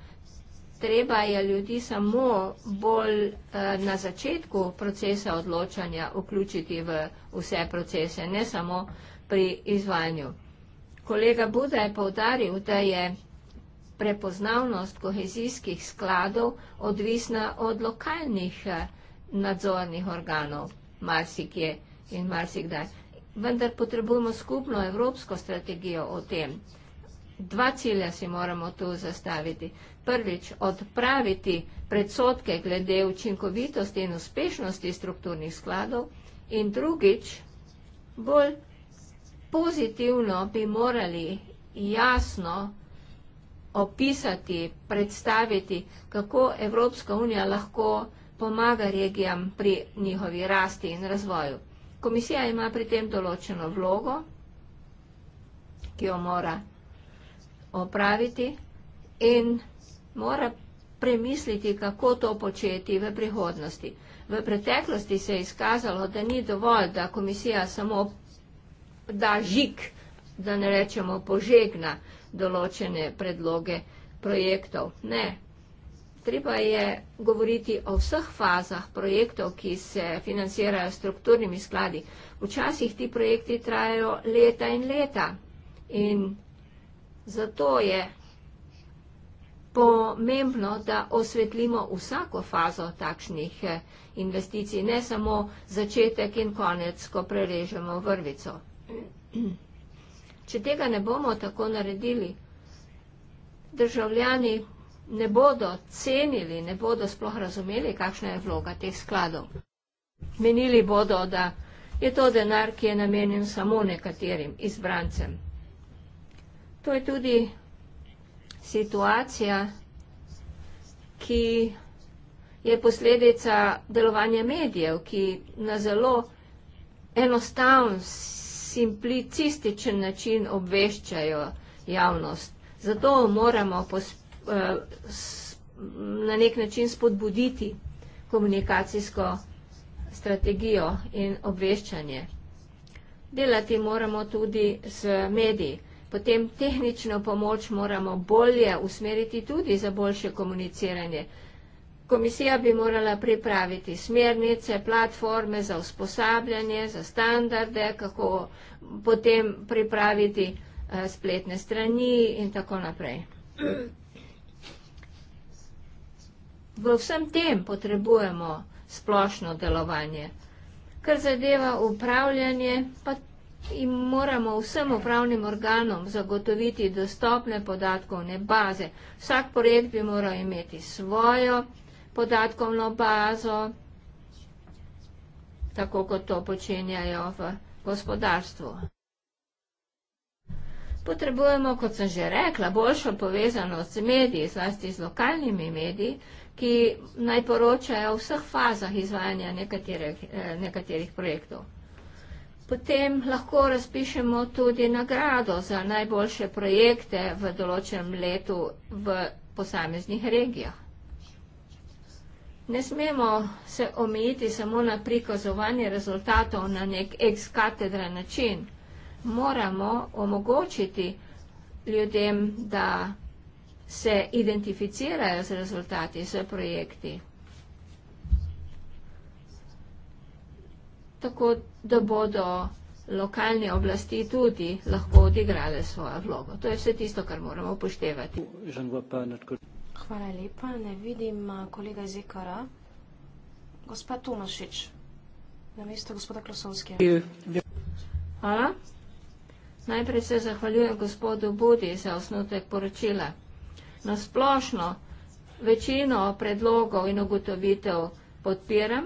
treba je ljudi samo bolj eh, na začetku procesa odločanja vključiti v vse procese, ne samo pri izvajanju. Kolega Buda je povdaril, da je prepoznavnost kohezijskih skladov odvisna od lokalnih eh, nadzornih organov, marsikje in marsikdaj. Vendar potrebujemo skupno evropsko strategijo o tem. Dva cilja si moramo tu zastaviti prvič odpraviti predsotke glede učinkovitosti in uspešnosti strukturnih skladov in drugič bolj pozitivno bi morali jasno opisati, predstaviti, kako Evropska unija lahko pomaga regijam pri njihovi rasti in razvoju. Komisija ima pri tem določeno vlogo, ki jo mora opraviti in vsega, mora premisliti, kako to početi v prihodnosti. V preteklosti se je izkazalo, da ni dovolj, da komisija samo da žik, da ne rečemo požegna določene predloge projektov. Ne. Treba je govoriti o vseh fazah projektov, ki se financirajo strukturnimi skladi. Včasih ti projekti trajajo leta in leta. In zato je pomembno, da osvetlimo vsako fazo takšnih eh, investicij, ne samo začetek in konec, ko prerežemo vrvico. Če tega ne bomo tako naredili, državljani ne bodo cenili, ne bodo sploh razumeli, kakšna je vloga teh skladov. Menili bodo, da je to denar, ki je namenjen samo nekaterim izbrancem. To je tudi situacija, ki je posledica delovanja medijev, ki na zelo enostavn, simplicističen način obveščajo javnost. Zato moramo eh, na nek način spodbuditi komunikacijsko strategijo in obveščanje. Delati moramo tudi s mediji. Potem tehnično pomoč moramo bolje usmeriti tudi za boljše komuniciranje. Komisija bi morala pripraviti smernice, platforme za usposabljanje, za standarde, kako potem pripraviti eh, spletne strani in tako naprej. V vsem tem potrebujemo splošno delovanje. Kar zadeva upravljanje, pa in moramo vsem upravnim organom zagotoviti dostopne podatkovne baze. Vsak projekt bi moral imeti svojo podatkovno bazo, tako kot to počenjajo v gospodarstvu. Potrebujemo, kot sem že rekla, boljšo povezanost z mediji, zlasti z lokalnimi mediji, ki naj poročajo o vseh fazah izvajanja nekaterih, eh, nekaterih projektov. Potem lahko razpišemo tudi nagrado za najboljše projekte v določenem letu v posameznih regijah. Ne smemo se omejiti samo na prikazovanje rezultatov na nek ex katedra način. Moramo omogočiti ljudem, da se identificirajo z rezultati, z projekti. tako da bodo lokalne oblasti tudi lahko odigrale svojo vlogo. To je vse tisto, kar moramo upoštevati. Hvala lepa. Ne vidim eh, kolega iz Ekara. Gospa Tomašič, na mesto gospoda Klosovskega. Hvala. Najprej se zahvaljujem gospodu Budi za osnutek poročila. Nasplošno večino predlogov in ugotovitev podpiram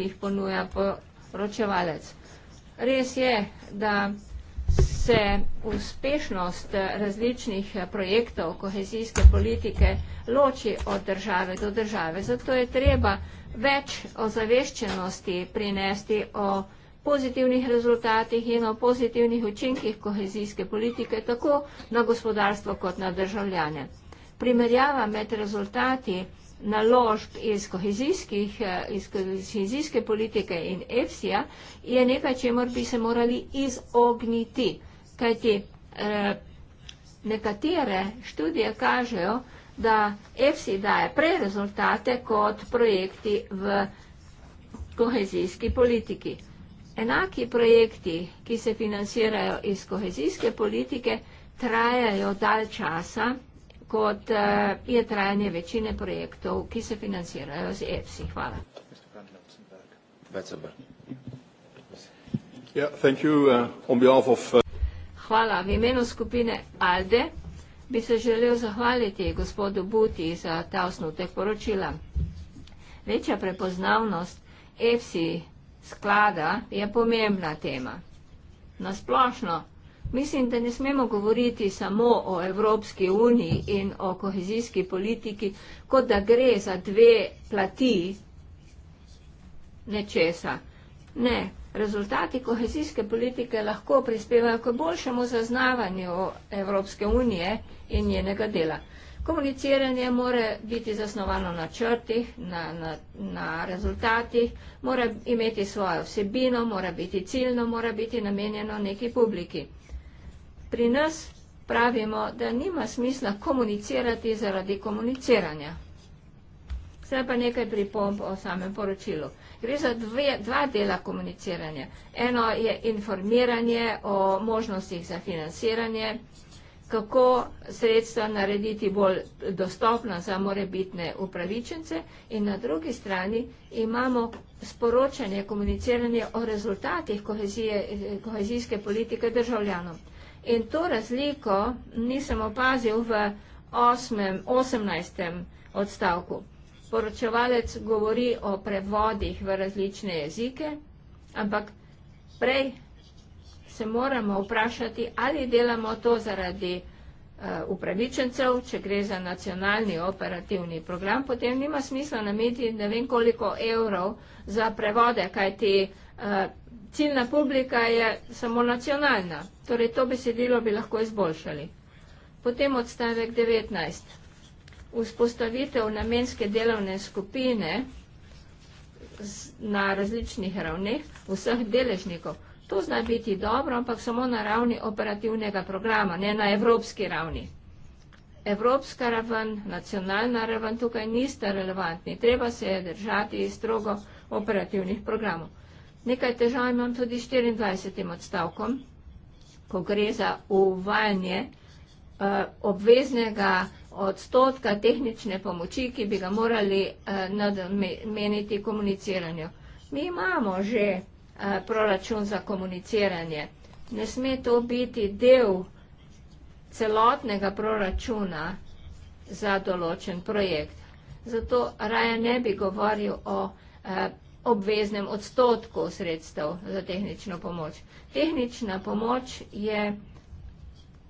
ki jih ponuja poročevalec. Res je, da se uspešnost različnih projektov kohezijske politike loči od države do države. Zato je treba več o zaveščenosti prinesti o pozitivnih rezultatih in o pozitivnih učinkih kohezijske politike tako na gospodarstvo kot na državljane. Primerjava med rezultati naložb iz, eh, iz kohezijske politike in EFSI-ja je nekaj, čemor bi se morali izogniti. Kajti eh, nekatere študije kažejo, da EFSI daje prej rezultate kot projekti v kohezijski politiki. Enaki projekti, ki se financirajo iz kohezijske politike, trajajo dalj časa kot uh, je trajanje večine projektov, ki se financirajo z EPSI. Hvala. Yeah, ja, you, uh, of, uh... Hvala. V imenu skupine ALDE bi se želel zahvaliti gospodu Buti za ta osnutek poročila. Večja prepoznavnost EPSI sklada je pomembna tema. Nasplošno Mislim, da ne smemo govoriti samo o Evropski uniji in o kohezijski politiki, kot da gre za dve plati nečesa. Ne, rezultati kohezijske politike lahko prispevajo k boljšemu zaznavanju Evropske unije in njenega dela. Komuniciranje mora biti zasnovano na črtih, na, na, na rezultatih, mora imeti svojo vsebino, mora biti ciljno, mora biti namenjeno neki publiki. Pri nas pravimo, da nima smisla komunicirati zaradi komuniciranja. Zdaj pa nekaj pripomb o samem poročilu. Gre za dve, dva dela komuniciranja. Eno je informiranje o možnostih za financiranje, kako sredstva narediti bolj dostopna za morebitne upravičence in na drugi strani imamo sporočanje, komuniciranje o rezultatih kohezije, kohezijske politike državljanom. In to razliko nisem opazil v 18. odstavku. Poročevalec govori o prevodih v različne jezike, ampak prej se moramo vprašati, ali delamo to zaradi eh, upravičencev, če gre za nacionalni operativni program, potem nima smisla nameti ne vem koliko evrov za prevode, kaj ti prevode eh, ciljna publika je samo nacionalna, torej to besedilo bi lahko izboljšali. Potem odstavek 19. Vzpostavitev namenske delovne skupine na različnih ravneh vseh deležnikov. To zna biti dobro, ampak samo na ravni operativnega programa, ne na evropski ravni. Evropska raven, nacionalna raven tukaj nista relevantni. Treba se je držati strogo operativnih programov. Nekaj težav imam tudi s 24. odstavkom, ko gre za uvajanje eh, obveznega odstotka tehnične pomoči, ki bi ga morali eh, nadmeniti komuniciranju. Mi imamo že eh, proračun za komuniciranje. Ne sme to biti del celotnega proračuna za določen projekt. Zato raje ne bi govoril o obveznem odstotku sredstev za tehnično pomoč. Tehnična pomoč je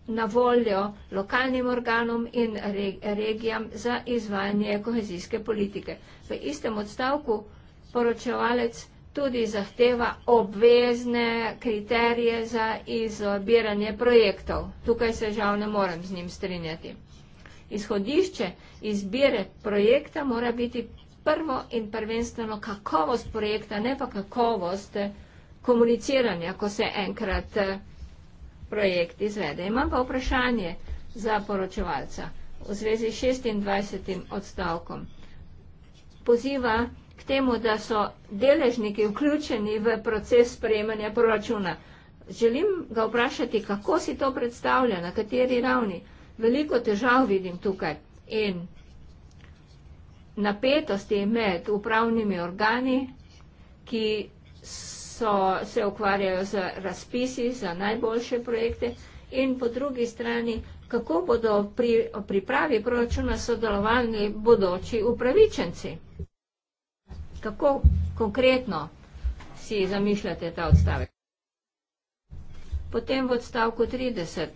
na voljo lokalnim organom in regijam za izvajanje kohezijske politike. V istem odstavku poročevalec tudi zahteva obvezne kriterije za izobiranje projektov. Tukaj se žal ne morem z njim strinjati. Izhodišče izbire projekta mora biti prvo in prvenstveno kakovost projekta, ne pa kakovost eh, komuniciranja, ko se enkrat eh, projekt izvede. Imam pa vprašanje za poročevalca v zvezi s 26. odstavkom. Poziva k temu, da so deležniki vključeni v proces sprejemanja proračuna. Želim ga vprašati, kako si to predstavlja, na kateri ravni. Veliko težav vidim tukaj in napetosti med upravnimi organi, ki so, se ukvarjajo z razpisi za najboljše projekte in po drugi strani, kako bodo pri pripravi proračuna sodelovali bodoči upravičenci. Kako konkretno si zamišljate ta odstavek? Potem v odstavku 30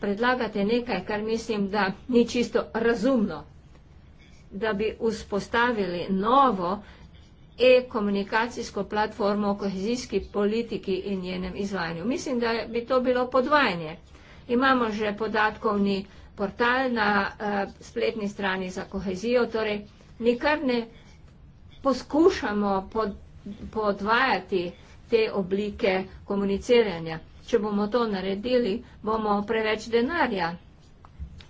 predlagate nekaj, kar mislim, da ni čisto razumno da bi vzpostavili novo e-komunikacijsko platformo o kohezijski politiki in njenem izvajanju. Mislim, da bi to bilo podvajanje. Imamo že podatkovni portal na uh, spletni strani za kohezijo, torej nikar ne poskušamo pod, podvajati te oblike komuniciranja. Če bomo to naredili, bomo preveč denarja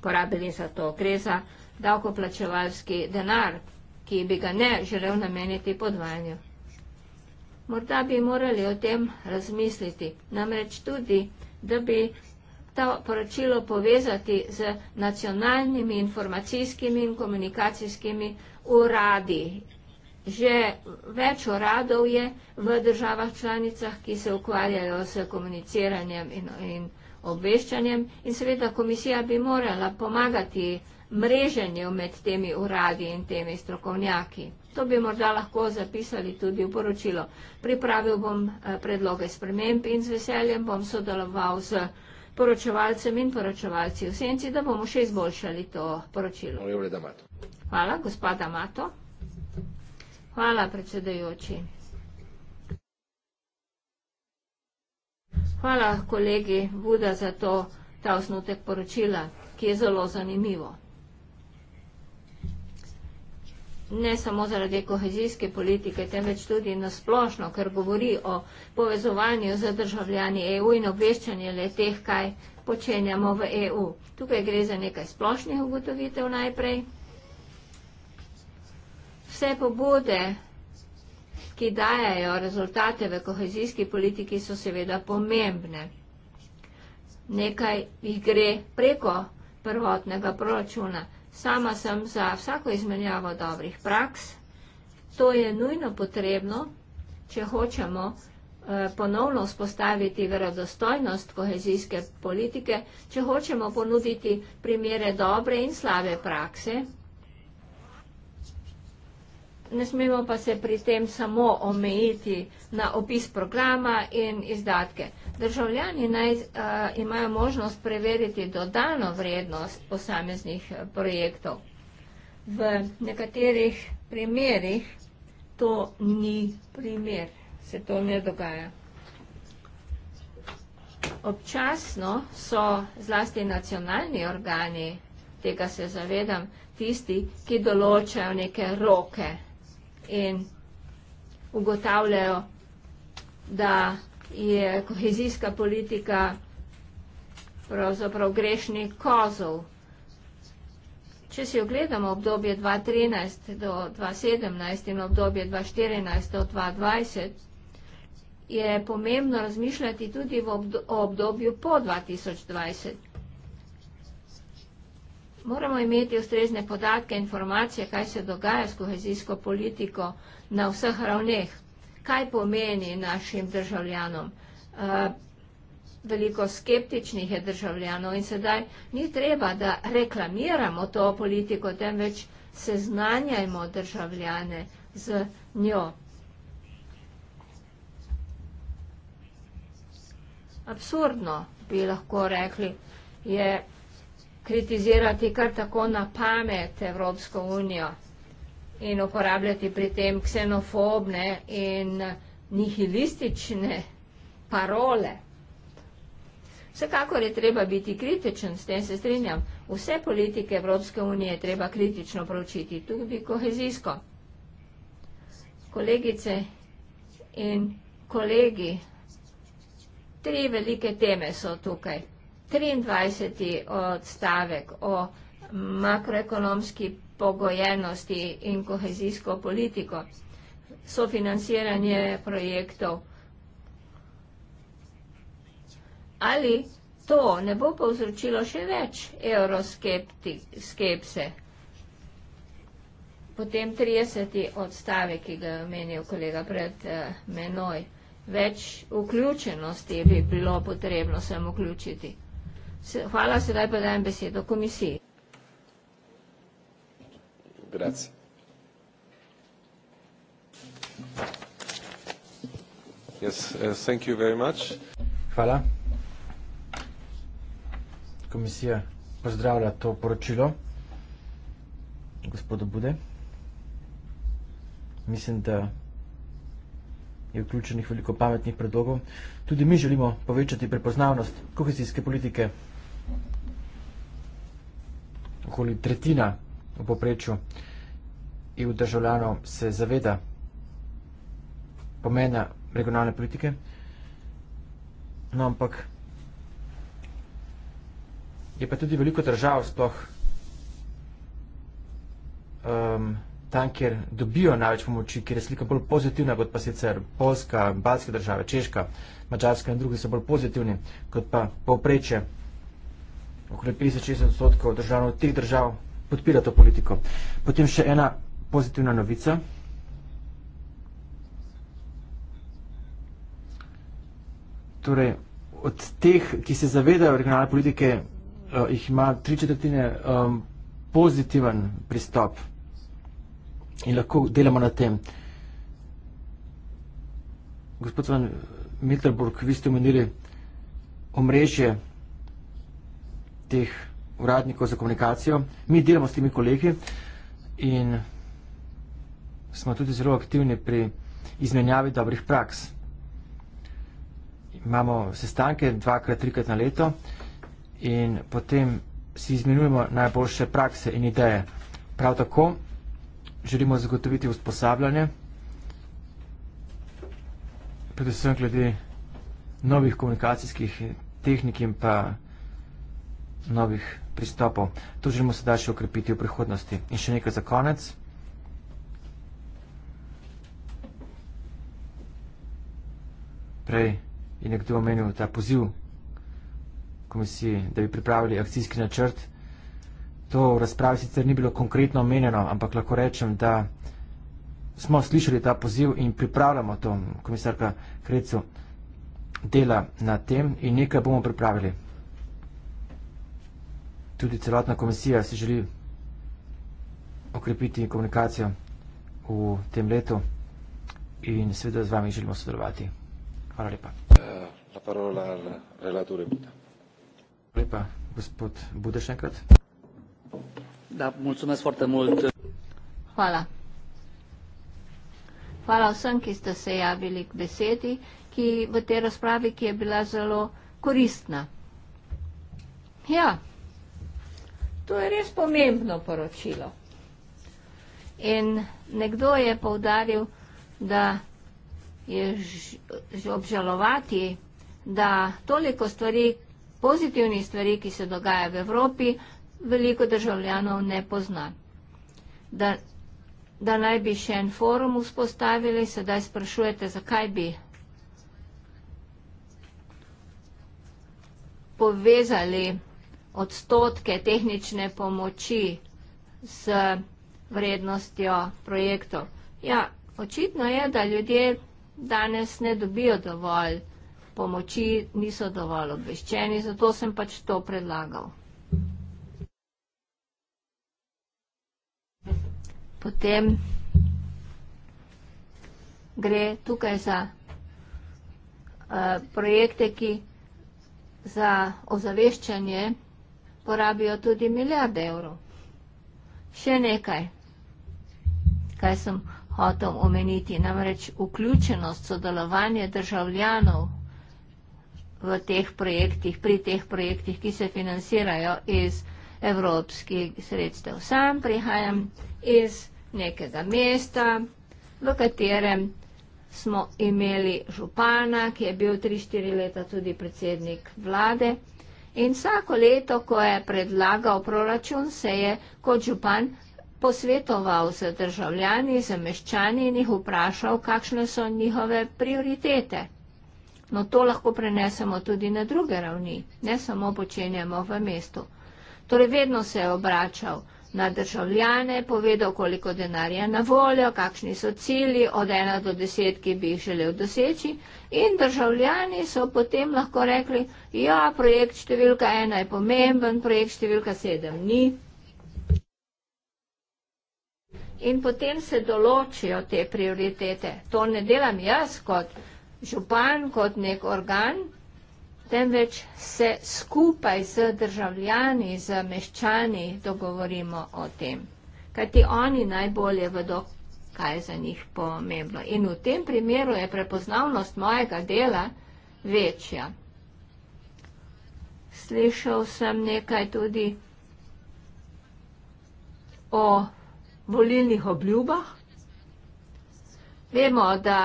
porabili za to. Gre za davkoplačevalski denar, ki bi ga ne želel nameniti podvajanju. Morda bi morali o tem razmisliti, namreč tudi, da bi to poročilo povezati z nacionalnimi informacijskimi in komunikacijskimi uradi. Že več uradov je v državah članicah, ki se ukvarjajo s komuniciranjem in, in obveščanjem in seveda komisija bi morala pomagati mreženju med temi uradi in temi strokovnjaki. To bi morda lahko zapisali tudi v poročilo. Pripravil bom eh, predloge sprememb in z veseljem bom sodeloval z poročevalcem in poročevalci v senci, da bomo še izboljšali to poročilo. Hvala, gospoda Mato. Hvala, predsedajoči. Hvala kolegi Buda za to, ta osnutek poročila, ki je zelo zanimivo ne samo zaradi kohezijske politike, temveč tudi nasplošno, ker govori o povezovanju z državljani EU in obveščanje le teh, kaj počenjamo v EU. Tukaj gre za nekaj splošnih ugotovitev najprej. Vse pobude, ki dajajo rezultate v kohezijski politiki, so seveda pomembne. Nekaj jih gre preko prvotnega proračuna. Sama sem za vsako izmenjavo dobrih praks. To je nujno potrebno, če hočemo eh, ponovno vzpostaviti verodostojnost kohezijske politike, če hočemo ponuditi primere dobre in slabe prakse. Ne smemo pa se pri tem samo omejiti na opis programa in izdatke. Državljani naj eh, imajo možnost preveriti dodano vrednost posameznih eh, projektov. V nekaterih primerih to ni primer, se to ne dogaja. Občasno so zlasti nacionalni organi, tega se zavedam, tisti, ki določajo neke roke in ugotavljajo, da je kohezijska politika pravzaprav grešni kozov. Če si ogledamo obdobje 2013 do 2017 in obdobje 2014 do 2020, je pomembno razmišljati tudi v obdobju po 2020. Moramo imeti ustrezne podatke, informacije, kaj se dogaja s kohezijsko politiko na vseh ravneh kaj pomeni našim državljanom. Eh, veliko skeptičnih je državljanov in sedaj ni treba, da reklamiramo to politiko, temveč seznanjajmo državljane z njo. Absurdno bi lahko rekli je kritizirati kar tako na pamet Evropsko unijo in uporabljati pri tem ksenofobne in nihilistične parole. Vsekakor je treba biti kritičen, s tem se strinjam. Vse politike Evropske unije je treba kritično pravčiti, tudi kohezijsko. Kolegice in kolegi, tri velike teme so tukaj. 23. odstavek o makroekonomski pravčiti pogojenosti in kohezijsko politiko, sofinanciranje projektov. Ali to ne bo povzročilo še več euroskepse? Potem 30. odstave, ki ga je omenil kolega pred eh, menoj. Več vključenosti bi bilo potrebno sem vključiti. Hvala, sedaj pa dajem besedo komisiji. Grazie. Yes, uh, thank you very much. Hvala. Komisija pozdravlja to poročilo. Gospodo Bude. Mislim, da je vključenih veliko pametnih predlogov. Tudi mi želimo povečati prepoznavnost kohezijske politike. Okoli tretjina v poprečju EU državljanov se zaveda pomena regionalne politike, no ampak je pa tudi veliko držav sploh um, tam, kjer dobijo največ pomoči, kjer je slika bolj pozitivna kot pa sicer Polska, Balske države, Češka, Mačarska in drugi so bolj pozitivni kot pa povpreče. Okoli 50-60 odstotkov državljanov teh držav podpira to politiko. Potem še ena pozitivna novica. Torej, od teh, ki se zavedajo regionalne politike, eh, jih ima tri četrtine um, pozitiven pristop in lahko delamo na tem. Gospod Van Mitterburg, vi ste omenili omrežje teh uradnikov za komunikacijo. Mi delamo s temi kolegi in smo tudi zelo aktivni pri izmenjavi dobrih praks. Imamo sestanke dvakrat, trikrat na leto in potem si izmenjujemo najboljše prakse in ideje. Prav tako želimo zagotoviti usposabljanje, predvsem glede novih komunikacijskih tehnik in pa novih pristopov. To želimo sedaj še okrepiti v prihodnosti. In še nekaj za konec. Prej je nekdo omenil ta poziv komisiji, da bi pripravili akcijski načrt. To v razpravi sicer ni bilo konkretno omenjeno, ampak lahko rečem, da smo slišali ta poziv in pripravljamo to. Komisarka Krecu dela na tem in nekaj bomo pripravili tudi celotna komisija si želi okrepiti komunikacijo v tem letu in seveda z vami želimo sodelovati. Hvala lepa. La parola al relatore Buda. Hvala lepa, gospod Buda še enkrat. Da, mulțumesc foarte mult. Hvala. Hvala vsem, ki ste se javili k besedi, ki v tej razpravi, ki je bila zelo koristna. Ja, To je res pomembno poročilo. In nekdo je povdaril, da je že obžalovati, da toliko stvari, pozitivnih stvari, ki se dogaja v Evropi, veliko državljanov ne pozna. Da, da naj bi še en forum vzpostavili, sedaj sprašujete, zakaj bi povezali odstotke tehnične pomoči s vrednostjo projektov. Ja, očitno je, da ljudje danes ne dobijo dovolj pomoči, niso dovolj obveščeni, zato sem pač to predlagal. Potem gre tukaj za uh, projekte, ki za ozaveščanje porabijo tudi milijarde evrov. Še nekaj, kaj sem hotel omeniti, namreč vključenost, sodelovanje državljanov v teh projektih, pri teh projektih, ki se financirajo iz evropskih sredstev. Sam prihajam iz nekega mesta, v katerem smo imeli župana, ki je bil 3-4 leta tudi predsednik vlade. In vsako leto, ko je predlagal proračun, se je kot župan posvetoval z državljani, z meščani in jih vprašal, kakšne so njihove prioritete. No, to lahko prenesemo tudi na druge ravni, ne samo počenjamo v mestu. Torej, vedno se je obračal na državljane, povedal, koliko denarja na voljo, kakšni so cilji od ena do deset, ki bi jih želel doseči. In državljani so potem lahko rekli, ja, projekt številka ena je pomemben, projekt številka sedem ni. In potem se določijo te prioritete. To ne delam jaz kot župan, kot nek organ, temveč se skupaj z državljani, z meščani dogovorimo o tem. Kajti oni najbolje vedo, kaj je za njih pomembno. In v tem primeru je prepoznavnost mojega dela večja. Slišal sem nekaj tudi o volilnih obljubah. Vemo, da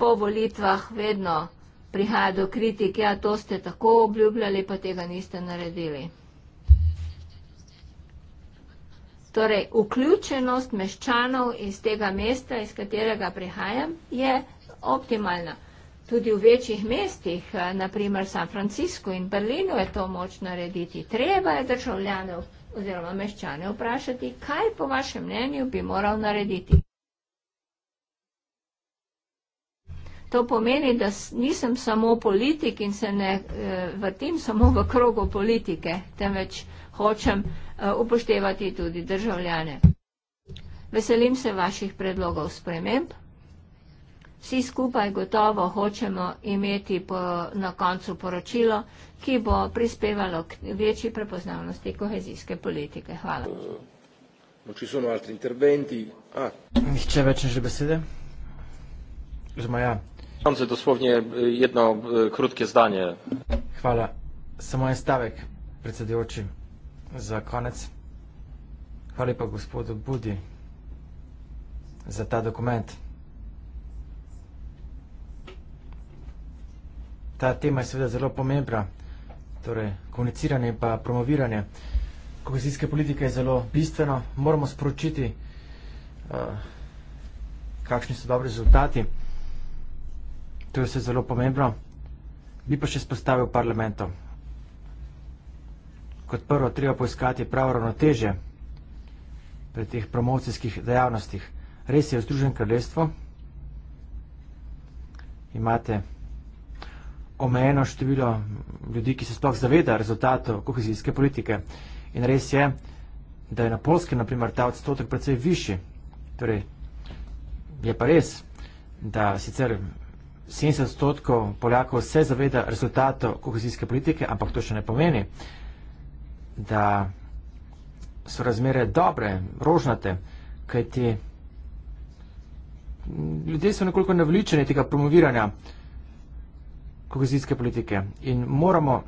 po volitvah vedno prihaja do kritike, ja, to ste tako obljubljali, pa tega niste naredili. Torej, vključenost meščanov iz tega mesta, iz katerega prihajam, je optimalna. Tudi v večjih mestih, eh, naprimer San Francisco in Berlinu, je to moč narediti. Treba je državljane oziroma meščane vprašati, kaj po vašem mnenju bi moral narediti. To pomeni, da nisem samo politik in se ne eh, vrtim samo v krogu politike, temveč hočem eh, upoštevati tudi državljane. Veselim se vaših predlogov sprememb. Vsi skupaj gotovo hočemo imeti po, na koncu poročilo, ki bo prispevalo k večji prepoznavnosti kohezijske politike. Hvala. Uh, ah. Nihče več ne želi besede? Zmaja. Sądzę dosłownie e, jedno e, krótkie zdanie. Chwala. Samo stawek przed oczy. Za koniec. Chwali po gospodu Budi za ta dokument. Ta tema je seveda zelo pomembna, torej komuniciranje pa promoviranje kohezijske politike je zelo bistveno, moramo sporočiti, uh, kakšni so dobri rezultati. To je vse zelo pomembno. Bi pa še spostavil parlamentom. Kot prvo, treba poiskati pravo ravnoteže pri teh promocijskih dejavnostih. Res je, v Združenem kraljestvu imate omejeno število ljudi, ki se sploh zaveda rezultatov kohezijske politike. In res je, da je na polskem, naprimer, ta odstotek precej višji. Torej, je pa res, da sicer 70 odstotkov Poljakov se zaveda rezultatov kohezijske politike, ampak to še ne pomeni, da so razmere dobre, rožnate, kajti ljudje so nekoliko navličeni tega promoviranja kohezijske politike in moramo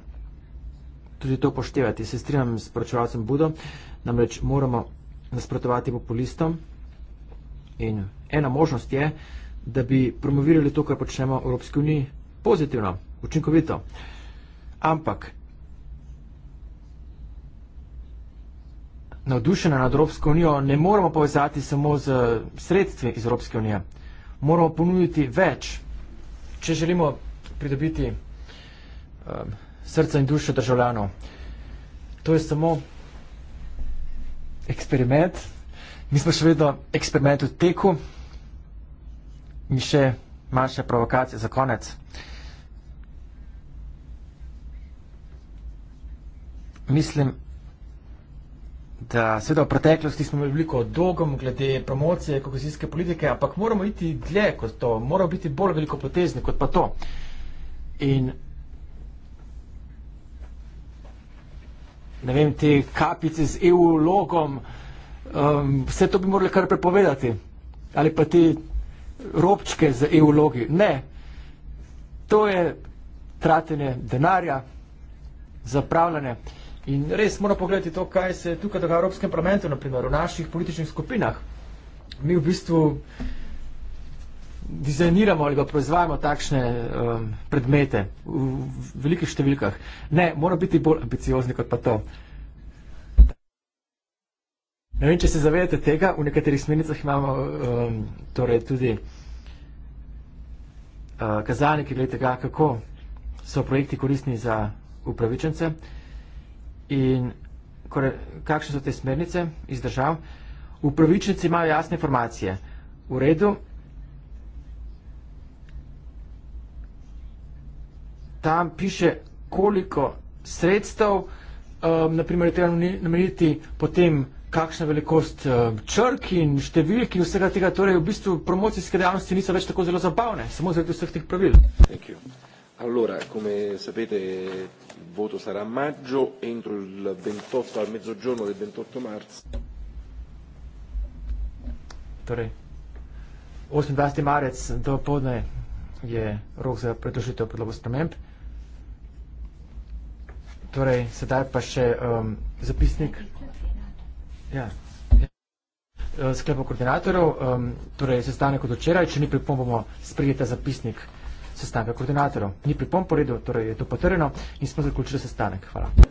tudi to poštevati. Se strinjam s poročevalcem Budo, namreč moramo nasprotovati populistom in ena možnost je, da da bi promovirali to, kar počnemo v Evropski uniji, pozitivno, učinkovito. Ampak navdušenja nad Evropsko unijo ne moramo povezati samo z sredstvi iz Evropske unije. Moramo ponuditi več, če želimo pridobiti um, srca in dušo državljanov. To je samo eksperiment. Mi smo še vedno eksperiment v teku. In še manjša provokacija za konec. Mislim, da seveda v preteklosti smo imeli veliko dolgom glede promocije kohezijske politike, ampak moramo iti dlje kot to, moramo biti bolj veliko potezni kot pa to. In ne vem, te kapice z EU logom, um, vse to bi morali kar prepovedati. Ali pa ti robčke z eulogi. Ne, to je tratenje denarja, zapravljanje. In res moramo pogledati to, kaj se tukaj dogaja v Evropskem parlamentu, naprimer v naših političnih skupinah. Mi v bistvu dizajniramo ali pa proizvajamo takšne um, predmete v, v, v velikih številkah. Ne, moramo biti bolj ambiciozni kot pa to. Ne vem, če se zavedate tega, v nekaterih smernicah imamo um, torej tudi uh, kazalnike, glede tega, kako so projekti koristni za upravičence in kore, kakšne so te smernice iz držav. Upravičenci imajo jasne informacije. V redu, tam piše, koliko sredstev, um, naprimer, je treba nameniti potem. tem kakšna velikost eh, črk in številk in vsega tega. Torej, v bistvu promocijske dejavnosti niso več tako zelo zabavne, samo zaradi vseh teh pravil. Allora, come sapete, il voto sarà a maggio, entro il 28, al mezzogiorno del 28 marzo. Torej, 28. marec do podne je rok za predložitev predlogov sprememb. Torej, sedaj pa še um, zapisnik. Ja. ja. Eh, Sklepo koordinatorov, um, torej sestanek od včeraj, če ni pripom, bomo sprejeti zapisnik sestanka koordinatorov. Ni pripom po redu, torej je to potrjeno in smo zaključili sestanek. Hvala.